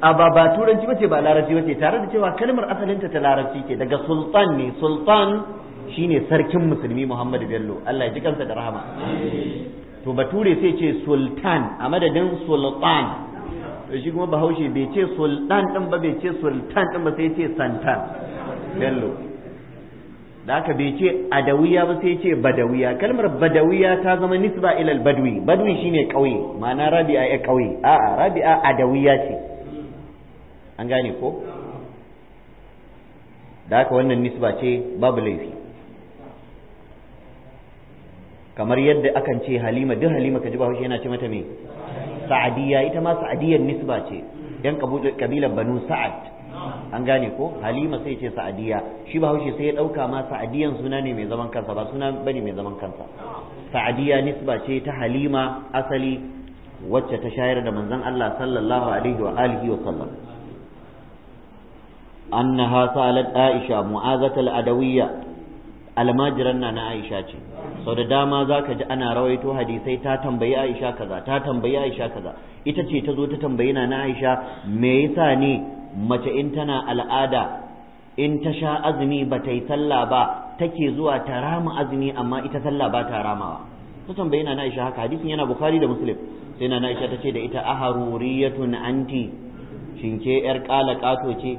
a ba ba turanci bace ba larabci bace tare da cewa kalmar asalinta ta larabci ce daga sultan ne sultan shine sarkin musulmi muhammadu bello allah ya ji kansa da rahama to bature sai ce sultan a madadin sultan To shi kuma bahaushe bai ce sultan din ba bai ce sultan din ba sai ce santan bello da aka bai ce adawiya ba sai ce badawiya kalmar badawiya ta zama nisba ilal badwi badwi shine ƙauye ma'ana rabi'a ya ƙauye a'a rabi'a adawiya ce an gane ko da aka wannan nisba ce babu laifi kamar yadda akan ce halima duk halima ka ji bahaushe yana ce mata me sa'adiyya ita ma sa'adiyyar nisba ce yan kabilar banu sa'ad an gane ko halima sai ce sa'adiya shi ba haushe sai ya ɗauka ma sa'adiyan suna ne mai zaman kansa ba suna bane mai zaman kansa sa'adiya nisba ce ta halima asali wacce ta shayar da manzon Allah sallallahu alaihi wa alihi wa sallam annaha salat aisha al adawiyya almajiran na na aisha ce sau da dama za ka ji ana rawaito hadisai ta tambayi aisha kaza ta tambayi aisha kaza ita ce ta zo ta tambayi na na aisha me yasa ne mace in tana al'ada in ta sha azumi ba ta yi sallah ba take zuwa ta rama azumi amma ita sallah ba ta ramawa ta tambayi na Aisha haka hadisin yana Bukhari da Muslim sai na Aisha ta ce da ita ahruriyatun anti shin ke yar kala kato ce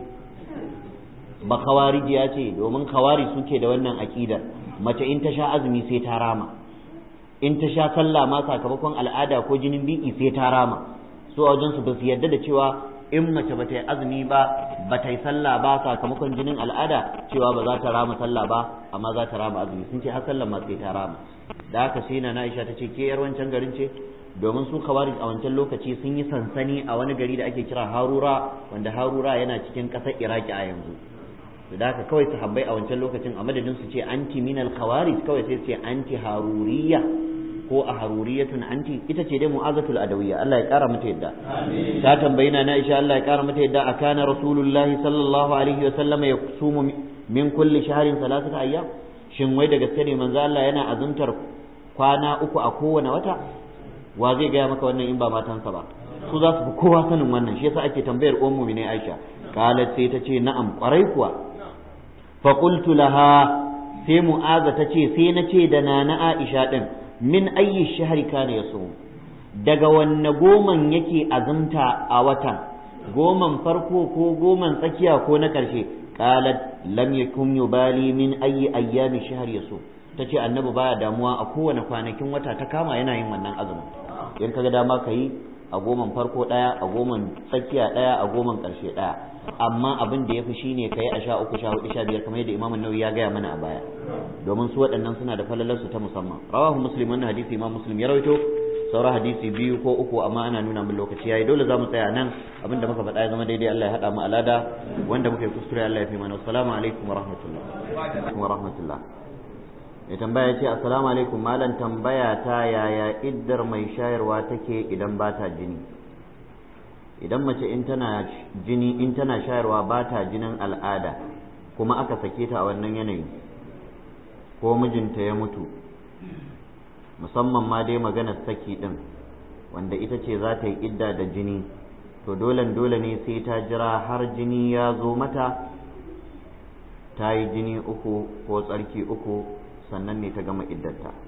ba ya ce domin khawari suke da wannan aƙidar. mace in ta sha azumi sai ta rama in ta sha sallah ma sakamakon al'ada ko jinin biki sai ta rama su a wajen su ba su yarda da cewa in mace ba ta yi azumi ba ba ta yi sallah ba sakamakon jinin al'ada cewa ba za ta rama sallah ba amma za ta rama azumi sun ce har sallah ma sai ta rama da haka sai na Aisha ta ce ke yar wancan garin ce domin su khawarij a wancan lokaci sun yi sansani a wani gari da ake kira Harura wanda Harura yana cikin ƙasar Iraki a yanzu da haka kawai sahabbai a wancan lokacin a madadin su ce anti minal khawarij kawai sai su ce anti haruriya ko a haruriyatun anti ita ce dai mu'azatul adawiyya Allah ya kara mata yadda ta tambayi na Aisha Allah ya kara mata yadda akana rasulullahi sallallahu alaihi wa sallama yasumu min kulli shahrin salasata ayyam shin wai da gaske ne manzo Allah yana azumtar kwana uku a kowane wata wa zai gaya maka wannan in ba matansa ba su za su fi kowa sanin wannan shi yasa ake tambayar uwan mu'mini Aisha qalat sai ta ce na'am kwarai kuwa fa qultu laha sai mu'aza ta ce sai na ce da nana Aisha din min ayyi shahri kana yasum daga wanne goman yake azumta a watan goman farko ko goman tsakiya ko na ƙarshe qalat lam yakum yubali min ayyi ayyami shahri Ta tace annabi baya damuwa a kowane kwanakin wata ta kama yana yin wannan azumin in kaga dama kayi a goman farko ɗaya, a goman tsakiya ɗaya, a goman ƙarshe ɗaya. amma abin da ya fi shine ka yi a sha uku sha hudu sha biyar kamar yadda imam nawawi ya gaya mana a baya domin su waɗannan suna da falalarsu ta musamman rawahu muslim wannan hadisi imam muslim ya rawaito sauran hadisi biyu ko uku amma ana nuna min lokaci yayi dole za mu tsaya nan abinda muka faɗa ya zama daidai Allah ya haɗa mu alada wanda muke yi kuskure Allah ya fi mana assalamu alaikum wa rahmatullah wa rahmatullah ya tambaya ce assalamu alaikum malam tambaya ta yaya iddar mai shayarwa take idan ba ta jini idan mace in tana jini in tana shayarwa ba ta jinin al'ada kuma aka sake ta a wannan yanayi ko mijinta ya mutu musamman ma dai maganar saki ɗin wanda ita ce za ta yi idda da jini to dolen dole ne sai ta jira har jini ya zo mata ta yi jini uku ko tsarki uku sannan ne ta gama iddarta.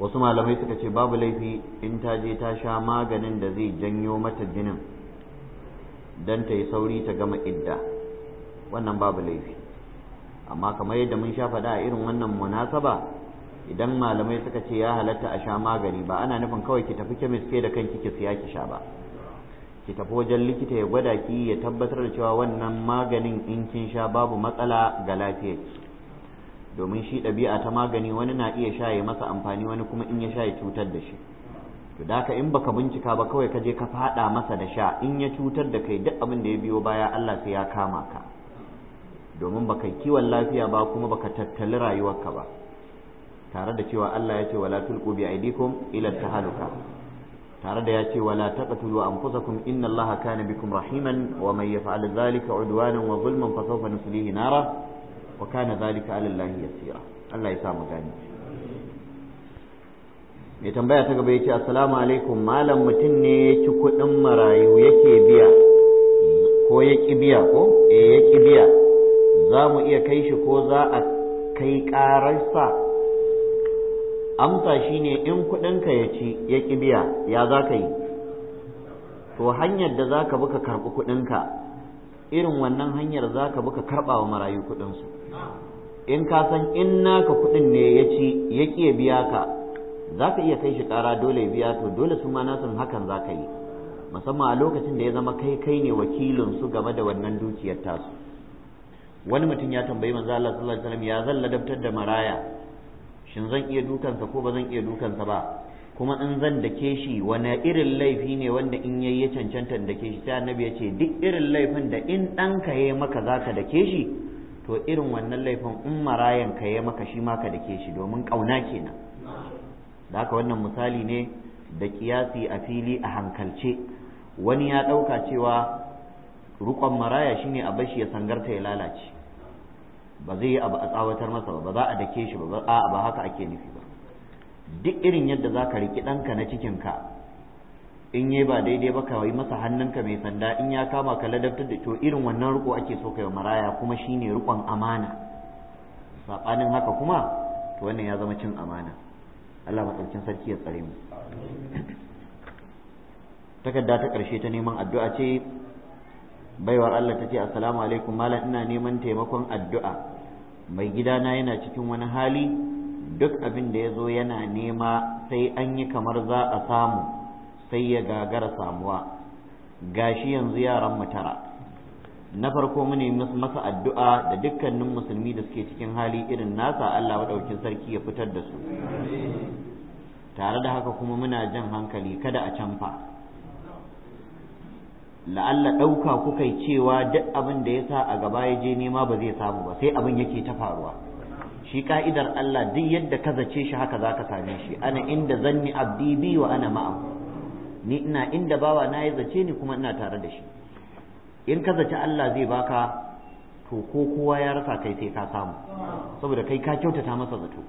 wasu malamai suka ce babu laifi in ta je ta sha maganin da zai janyo mata jinin don ta yi sauri ta gama idda wannan babu laifi amma kamar yadda mun sha faɗa a irin wannan munasaba idan malamai suka ce ya halatta a sha magani ba ana nufin kawai ki tafi kemis ke da kanki ki siya ki sha ba ki tafi wajen likita ya gwada ki ya tabbatar da cewa wannan maganin in kin sha babu matsala ga lafiyarki domin shi ɗabi'a ta magani wani na iya sha ya masa amfani wani kuma in ya sha ya cutar da shi to da haka in baka bincika ba kawai ka je ka faɗa masa da sha in ya cutar da kai duk abin da ya biyo baya Allah sai ya kama ka domin baka kiwon lafiya ba kuma baka tattali rayuwarka ba tare da cewa Allah ya ce wala tulqu bi aidikum ila tahaluka tare da ya ce wala taqtulu anfusakum inna Allah kana bikum rahiman wa man yaf'al dhalika udwanan wa zulman fa sawfa nuslihi nara wa kana zalika ala Allah yasira Allah ya sa mu gani mai tambaya ta gaba yace assalamu alaikum malam mutum ne ya ci kuɗin marayu yake biya ko ya ƙi biya ko eh ya ƙi biya za mu iya kai shi ko za a kai ƙararsa amsa shine in kuɗinka ya ci ya biya ya za ka yi to hanyar da za ka bi ka karɓi kuɗinka irin wannan hanyar za ka bi ka karɓa wa marayu kuɗinsu in ka san in naka kuɗin ne ya ci ya ƙiya biya ka za ka iya kai shi ƙara dole biya to dole su ma nasun hakan za ka yi musamman a lokacin da ya zama kai kai ne wakilin su game da wannan dukiyar tasu wani mutum ya tambayi manzo Allah sallallahu alaihi wasallam ya zan ladabtar da maraya shin zan iya dukansa ko ba zan iya dukansa ba kuma in zan dake shi wani irin laifi ne wanda in yayi ya cancanta dake shi sai annabi ya ce duk irin laifin da in ɗanka yayi maka zaka dake shi to irin wannan laifin in marayan ka ya maka shi maka da ke shi domin ƙauna kenan da haka wannan misali ne da kiyasi a fili a hankalce wani ya ɗauka cewa rukon maraya shine a bashi ya sangarta ya lalace ba zai yi abu a tsawatar masa ba za a dake shi ba a'a ba haka ake nufi ba duk irin yadda za ka riƙi ɗanka na cikinka in yi ba daidai ba ka yi masa hannunka mai sanda in ya kama ka ladabtar da to irin wannan riko ake so kai maraya kuma shine rikon amana sabanin haka kuma to wannan ya zama cin amana Allah madaukakin sarki ya tsare mu takarda ta karshe ta neman addu'a ce baiwar Allah ta ce assalamu alaikum malam ina neman taimakon addu'a mai gidana yana cikin wani hali duk abin da ya zo yana nema sai an yi kamar za a samu sai ya gagara samuwa gashi yanzu yaran mu tara na farko mune masa addu'a da dukkanin musulmi da suke cikin hali irin nasa Allah madaukakin sarki ya fitar da su tare da haka kuma muna jan hankali kada a canfa la'alla ɗauka kuka cewa duk abin da ya sa a gaba ya je nema ba zai samu ba sai abin yake ta faruwa shi ka'idar Allah duk yadda ka zace shi haka za ka same shi ana inda zanni abdi bi wa ana ma'a ni ina inda bawa na ya zace ni kuma ina tare da shi in ka zaci Allah zai baka to ko kowa ya rasa kai sai ka samu saboda kai ka kyautata masa zato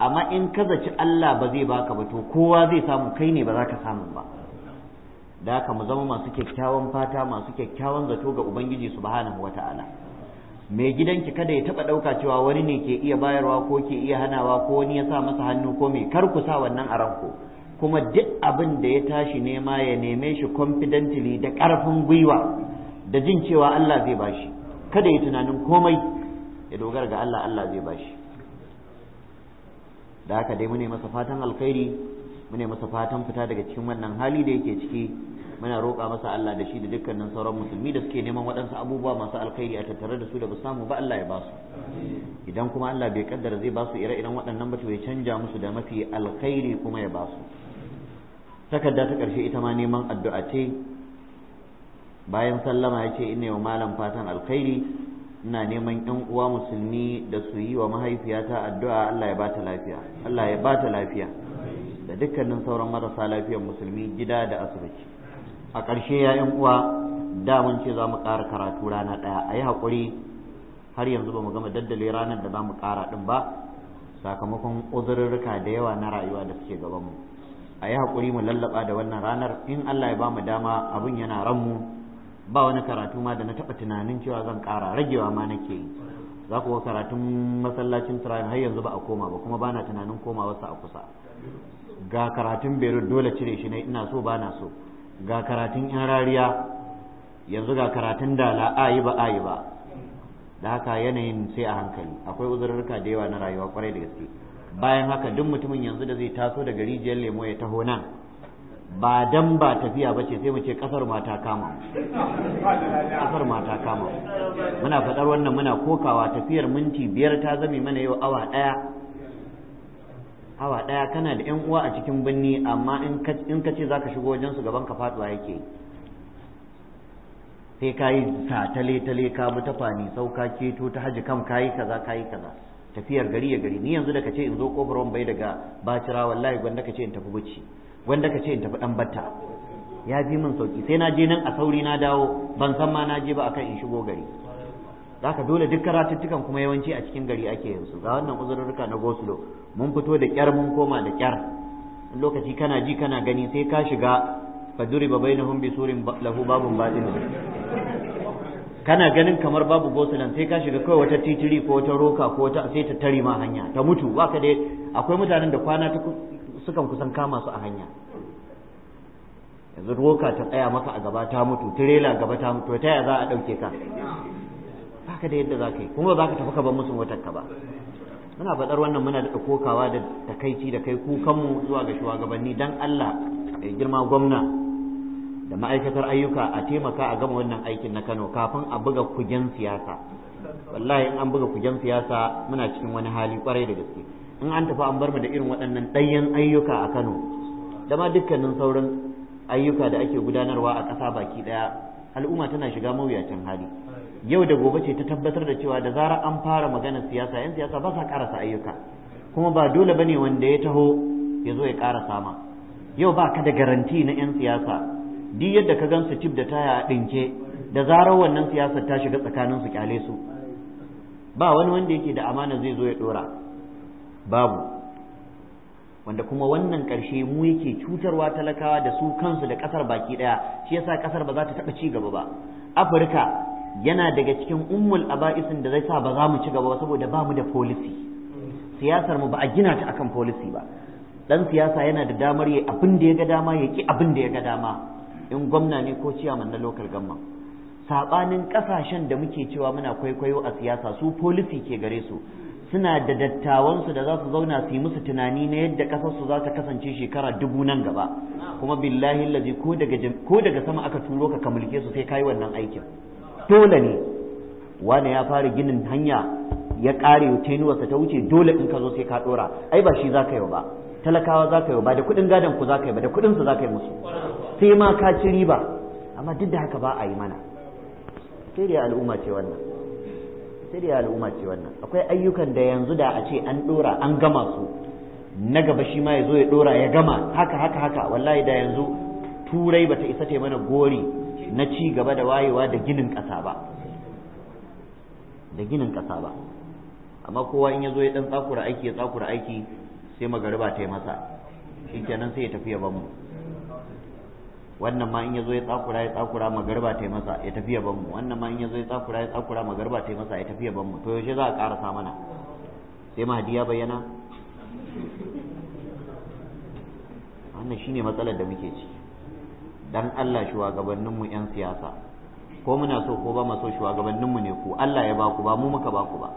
amma in ka zaci Allah ba zai baka ba to kowa zai samu kai ne ba za ka samu ba da haka mu zama masu kyakkyawan fata masu kyakkyawan zato ga ubangiji subhanahu wataala mai gidanki kada ya taba dauka cewa wani ne ke iya bayarwa ko ke iya hanawa ko wani ya sa masa hannu ko mai kar ku sa wannan a ranku kuma duk abin da ya tashi nema ya neme shi confidently da ƙarfin gwiwa da jin cewa Allah zai bashi kada ya tunanin komai ya dogara ga Allah Allah zai bashi da haka dai mune masa fatan alkhairi mune masa fatan fita daga cikin wannan hali da yake ciki muna roƙa masa Allah da shi da dukkanin sauran musulmi da suke neman waɗansu abubuwa masu alkhairi a tattare da su da ba samu ba Allah ya basu idan kuma Allah bai kaddara zai basu su ire-iren waɗannan ba to ya canja musu da mafi alkhairi kuma ya basu su takarda ta karshe ita ma neman addu'a ce bayan sallama ya ce ina wa malam fatan alkhairi ina neman yan uwa musulmi da su yi wa mahaifiyata addu'a Allah ya bata lafiya Allah ya bata lafiya da dukkanin sauran marasa lafiyar musulmi gida da asibiti a ƙarshe ya yan uwa da mun ce za mu ƙara karatu rana ɗaya a yi haƙuri har yanzu ba mu gama daddale ranar da za mu ƙara ɗin ba sakamakon uzurruka da yawa na rayuwa da suke gabanmu a yi haƙuri mu lallaba da wannan ranar in Allah ya ba mu dama abin yana ranmu ba wani karatu ma da na taɓa tunanin cewa zan ƙara ragewa ma nake yi za ku karatun masallacin turayen har yanzu ba a koma ba kuma bana tunanin koma wasu a kusa ga karatun berut dole cire shi ne ina so bana so ga karatun yan rariya yanzu ga karatun dala a yi ba a ba da haka yanayin sai a hankali akwai uzurarka da yawa na rayuwa kwarai da gaske bayan haka duk mutumin yanzu da zai taso daga rijiyar lemo ya taho nan ba dan ba tafiya ba ce sai mu ce kasar mata kama kasar mata kama muna faɗar wannan muna kokawa tafiyar minti biyar ta zame mana yau awa ɗaya awa ɗaya kana da yan uwa a cikin binni amma in ka ce za shigo wajen su gaban ka faɗuwa yake sai ka yi sa tale tale ka bi ta fani sauka keto ta haji kam kayi kaza yi kaza tafiyar gari ya gari ni yanzu da kace in zo kofar wan bai daga bacira wallahi gwanda kace in tafi bacci gwanda kace in tafi dan batta ya bi min sauki sai na je nan a sauri na dawo ban san ma na je ba akan in shigo gari zaka dole duk karatuttukan kuma yawanci a cikin gari ake yanzu ga wannan uzurruka na Goslo mun fito da kyar mun koma da kyar lokaci kana ji kana gani sai ka shiga faduriba bainahum bisurin lahu babun batin kana ganin kamar babu gosulan sai ka shiga kawai wata titiri ko wata roka ko wata sai ta tare ma hanya ta mutu baka da akwai mutanen da kwana ta sukan kusan kama su a hanya yanzu roka ta tsaya maka a gaba ta mutu tirela gaba ta mutu ta yaya za a dauke ka baka da yadda za ka kuma ba za ka tafi ka bar musu wata ka ba muna faɗar wannan muna da kokawa da takaici da kai kukanmu zuwa ga shugabanni dan Allah girma gwamna da ma'aikatar ayyuka a taimaka a gama wannan aikin na Kano kafin a buga kujen siyasa wallahi in an buga kujen siyasa muna cikin wani hali kwarai da gaske in an tafi an bar mu da irin waɗannan ɗayan ayyuka a Kano da ma dukkanin sauran ayyuka da ake gudanarwa a ƙasa baki ɗaya al'umma tana shiga mawuyacin hali yau da gobe ce ta tabbatar da cewa da zarar an fara magana siyasa yan siyasa ba sa karasa ayyuka kuma ba dole bane wanda ya taho ya zo ya karasa ma yau ba ka da garanti na yan siyasa duk yadda ka gansu cib da taya ɗinke da zarar wannan siyasar ta shiga tsakanin su kyale su ba wani wanda yake da amana zai zo ya ɗora babu wanda kuma wannan ƙarshe mu yake cutarwa talakawa da su kansu da ƙasar baki ɗaya shi yasa ƙasar ba za ta taba ci gaba ba afirka yana daga cikin ummul aba'isin da zai sa ba za mu ci gaba ba saboda ba mu da policy siyasar mu ba a gina ta akan policy ba dan siyasa yana da damar ya abin da ya ga dama ya ki abin da ya ga dama in gwamna ne ko ciyaman na local gamma saɓanin ƙasashen da muke cewa muna kwaikwayo a siyasa su policy ke gare su suna da dattawansu da za su zauna su yi musu tunani na yadda ƙasarsu za ta kasance shekara dubu nan gaba kuma billahi lazi ko daga ko daga sama aka turo ka ka mulke su sai kayi wannan aikin dole ne wani ya fara ginin hanya ya ni tenuwarsa ta wuce dole in ka zo sai ka ɗora ai ba shi za ka yi ba talakawa za ka yi ba da kuɗin gadan ku za ka yi ba da kuɗinsu za ka yi musu sai ma ka ci riba amma duk da haka ba a yi mana sai dai al'umma ce wannan sai dai al'umma ce wannan akwai ayyukan da yanzu da a ce an dora an gama su na gaba shi ma ya zo ya dora ya gama haka haka haka wallahi da yanzu turai bata isa ta mana gori na ci gaba da wayewa da ginin ƙasa ba da ginin ƙasa ba amma kowa in ya zo ya dan tsakura aiki ya tsakura aiki sai magariba ta yi masa kenan sai ya tafi ya bamu wannan ma in ya zo ya tsakura ya tsakura magarba tai masa ya tafi ban mu wannan ma in ya zo ya tsakura ya tsakura magarba tai masa ya tafi ban mu to yaushe za a karasa mana sai mahdi ya bayyana wannan shine matsalar da muke ci dan Allah shugabannin mu yan siyasa ko muna so ko ba mu so shugabannin mu ne ku Allah ya baku ba mu muka baku ba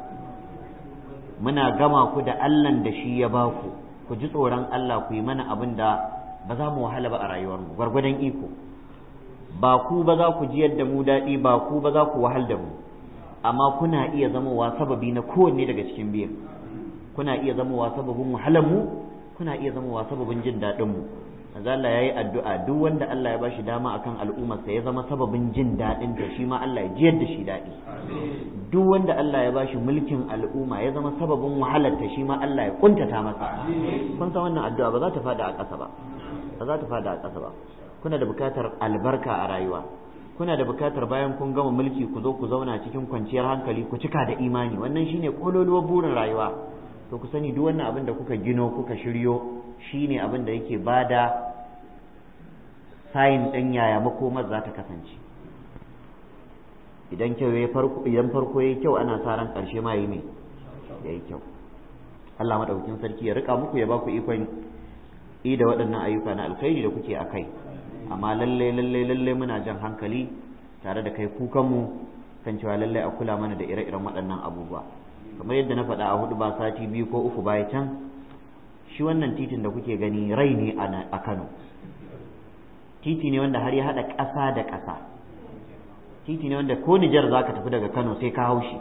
muna gama ku da Allah da shi ya baku ku ji tsoron Allah ku yi mana abin da ba za mu wahala ba a rayuwar mu gwargwadon iko ba ku ba za ku ji yadda mu daɗi ba ku ba za ku wahal da mu amma kuna iya zamowa sababi na kowanne daga cikin biyan kuna iya zamowa sababin wahalar mu kuna iya zamowa sababin jin daɗin mu manzo Allah yayi addu'a duk wanda Allah ya bashi dama akan al'ummar sa ya zama sababin jin daɗin ta shi ma Allah ya jiyar da shi daɗi duk wanda Allah ya bashi mulkin al'umma ya zama sababin wahalar ta shi ma Allah ya kuntata masa kun san wannan addu'a ba za ta fada a ƙasa ba ba za ta fada a ƙasa ba kuna da bukatar albarka a rayuwa kuna da bukatar bayan kun gama mulki ku zo ku zauna cikin kwanciyar hankali ku cika da imani wannan shine kololuwar burin rayuwa to ku sani duk wannan abin da kuka gino kuka shiryo shine abin da yake bada sayin ɗin yaya makomar za ta kasance idan kyau ya farko idan farko yayi kyau ana sa ran karshe ma yi ne yayi kyau Allah maɗaukin sarki ya rika muku ya ba ku ikon i da waɗannan ayyuka na alkhairi da kuke a kai amma lallai lallai lallai muna jan hankali tare da kai kukanmu kan cewa lallai a kula mana da ire-iren waɗannan abubuwa kamar yadda na faɗa a hudu ba sati biyu ko uku baya can shi wannan titin da kuke gani rai ne a kano titi ne wanda har ya haɗa ƙasa da ƙasa titi ne wanda ko nijar za ka tafi daga kano sai ka haushi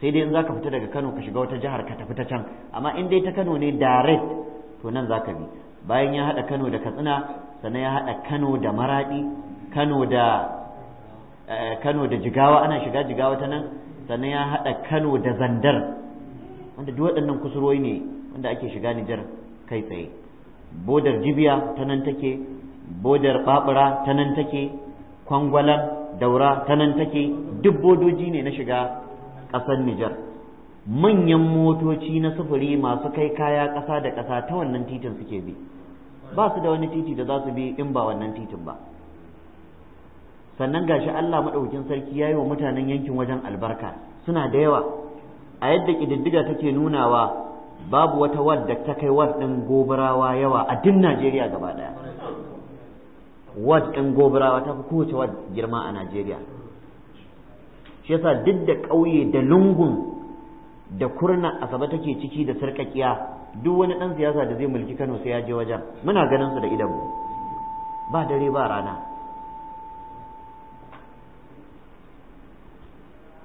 sai dai in za ka fita daga kano ka shiga wata jihar ka tafi ta can amma in dai ta kano ne direct to nan za ka bi bayan ya haɗa Kano da Katsina sannan ya haɗa Kano da Maradi Kano da eh, Kano da Jigawa ana shiga Jigawa ta nan sannan ya haɗa Kano da Zandar wanda duk waɗannan kusurwoyi ne wanda ake shiga Nijar kai tsaye bodar Jibiya ta nan take bodar Babura ta nan take Kwangwalan Daura ta nan take duk bodoji ne na shiga ƙasar Nijar manyan motoci na sufuri masu kai kaya ƙasa da ƙasa ta wannan titin suke bi ba su da wani titi da za su bi in ba wannan titin ba sannan gashi Allah maɗaukin sarki ya yi wa mutanen yankin wajen albarka suna da yawa a yadda ƙididdiga take nunawa babu wata wadda ta kai wad ɗin gobarawa yawa a duk Najeriya gaba ɗaya wad ɗin gobarawa ta fi kowace wad girma a Najeriya shi yasa duk da ƙauye da lungun da kurna asabe take ciki da sarkakiya duk wani dan siyasa da zai mulki Kano sai ya je wajen muna ganin su da idan ba dare ba rana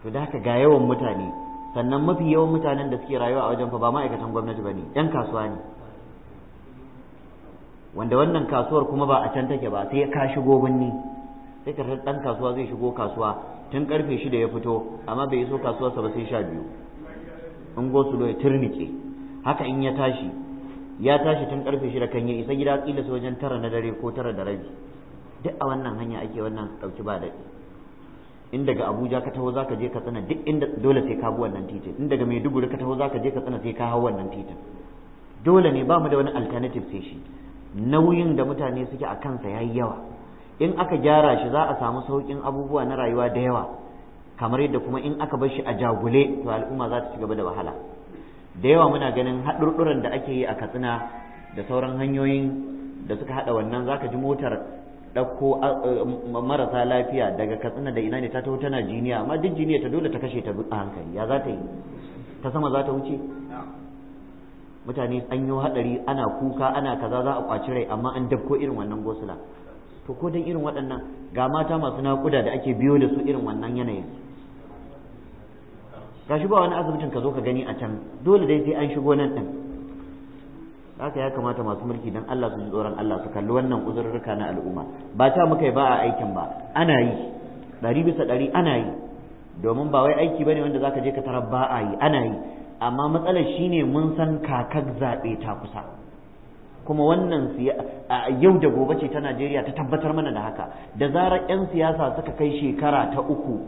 to da haka ga yawan mutane sannan mafi yawan mutanen da suke rayuwa a wajen fa ba ma'aikatan gwamnati bane yan kasuwa ne wanda wannan kasuwar kuma ba a can take ba sai ka shigo binni sai ka dan kasuwa zai shigo kasuwa tun karfe shida ya fito amma bai iso kasuwarsa ba sai sha biyu in gosulo ya turnike haka in ya tashi ya tashi tun karfe shida kan ya isa gida kila su wajen tara na dare ko tara da rabi duk a wannan hanya ake wannan ɗauki ba daɗi in daga abuja ka taho zaka je ka tsana duk inda dole sai ka bi wannan titin in daga maiduguri ka taho zaka je ka tsana sai ka hau wannan titin dole ne ba mu da wani alternative sai shi nauyin da mutane suke a kansa yayi yawa in aka gyara shi za a samu sauƙin abubuwa na rayuwa da yawa kamar yadda kuma in aka bar shi a jagule to al'umma za ta ci gaba da wahala da yawa muna ganin haɗurɗuran da ake yi a katsina da sauran hanyoyin da suka haɗa wannan zaka ji motar ɗauko marasa lafiya daga katsina da ina ne ta taho tana jiniya amma duk jiniya ta dole ta kashe ta a hankali ya za ta yi ta sama za ta wuce mutane an yi haɗari ana kuka ana kaza za a kwaci rai amma an dabko irin wannan gosula to ko dan irin waɗannan ga mata masu naƙuda da ake biyo da su irin wannan yanayin shi ba wani asibitin ka zo ka gani a can dole dai sai an shigo nan din haka ya kamata masu mulki dan Allah su ji tsoron Allah su kalli wannan uzurruka na al'umma ba ta muka yi ba a aikin ba ana yi ɗari bisa ɗari ana yi domin ba wai aiki bane wanda zaka je ka tara ba a yi ana yi amma matsalar shine mun san kakar zaɓe ta kusa kuma wannan a yau da gobe ce ta Najeriya ta tabbatar mana da haka da zarar 'yan siyasa suka kai shekara ta uku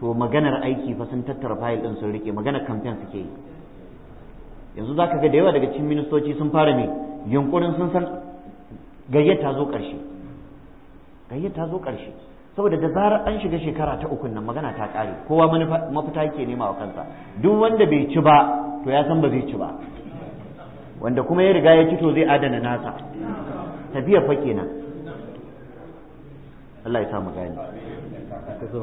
to maganar aiki fa sun tattara fayil din sun rike maganar kamfen suke yi yanzu zaka ga da yawa daga cikin ministoci sun fara ne yunkurin sun san gayyata zo ƙarshe gayyata zo ƙarshe saboda da zarar an shiga shekara ta uku nan magana ta ƙare kowa mafita yake nema wa kansa duk wanda bai ci ba to ya san ba zai ci ba wanda kuma ya riga ya ci to zai adana nasa tafiya fa kenan Allah ya sa mu gani to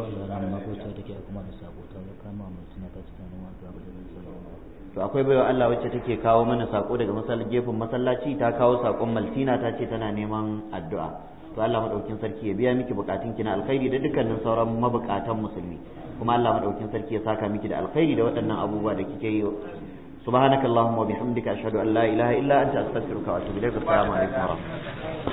akwai baiwa Allah wacce take kawo mana sako daga gefen masallaci ta kawo sakon maltina ta ce tana neman addu'a to Allah madaukin sarki ya biya miki bukatun ki na alkhairi da dukkanin sauran mabukatan musulmi kuma Allah madaukin sarki ya saka miki da alkhairi da waɗannan abubuwa da kike yi subhanakallahumma wa bihamdika ashhadu an la ilaha illa anta astaghfiruka wa atubu ilaik assalamu alaikum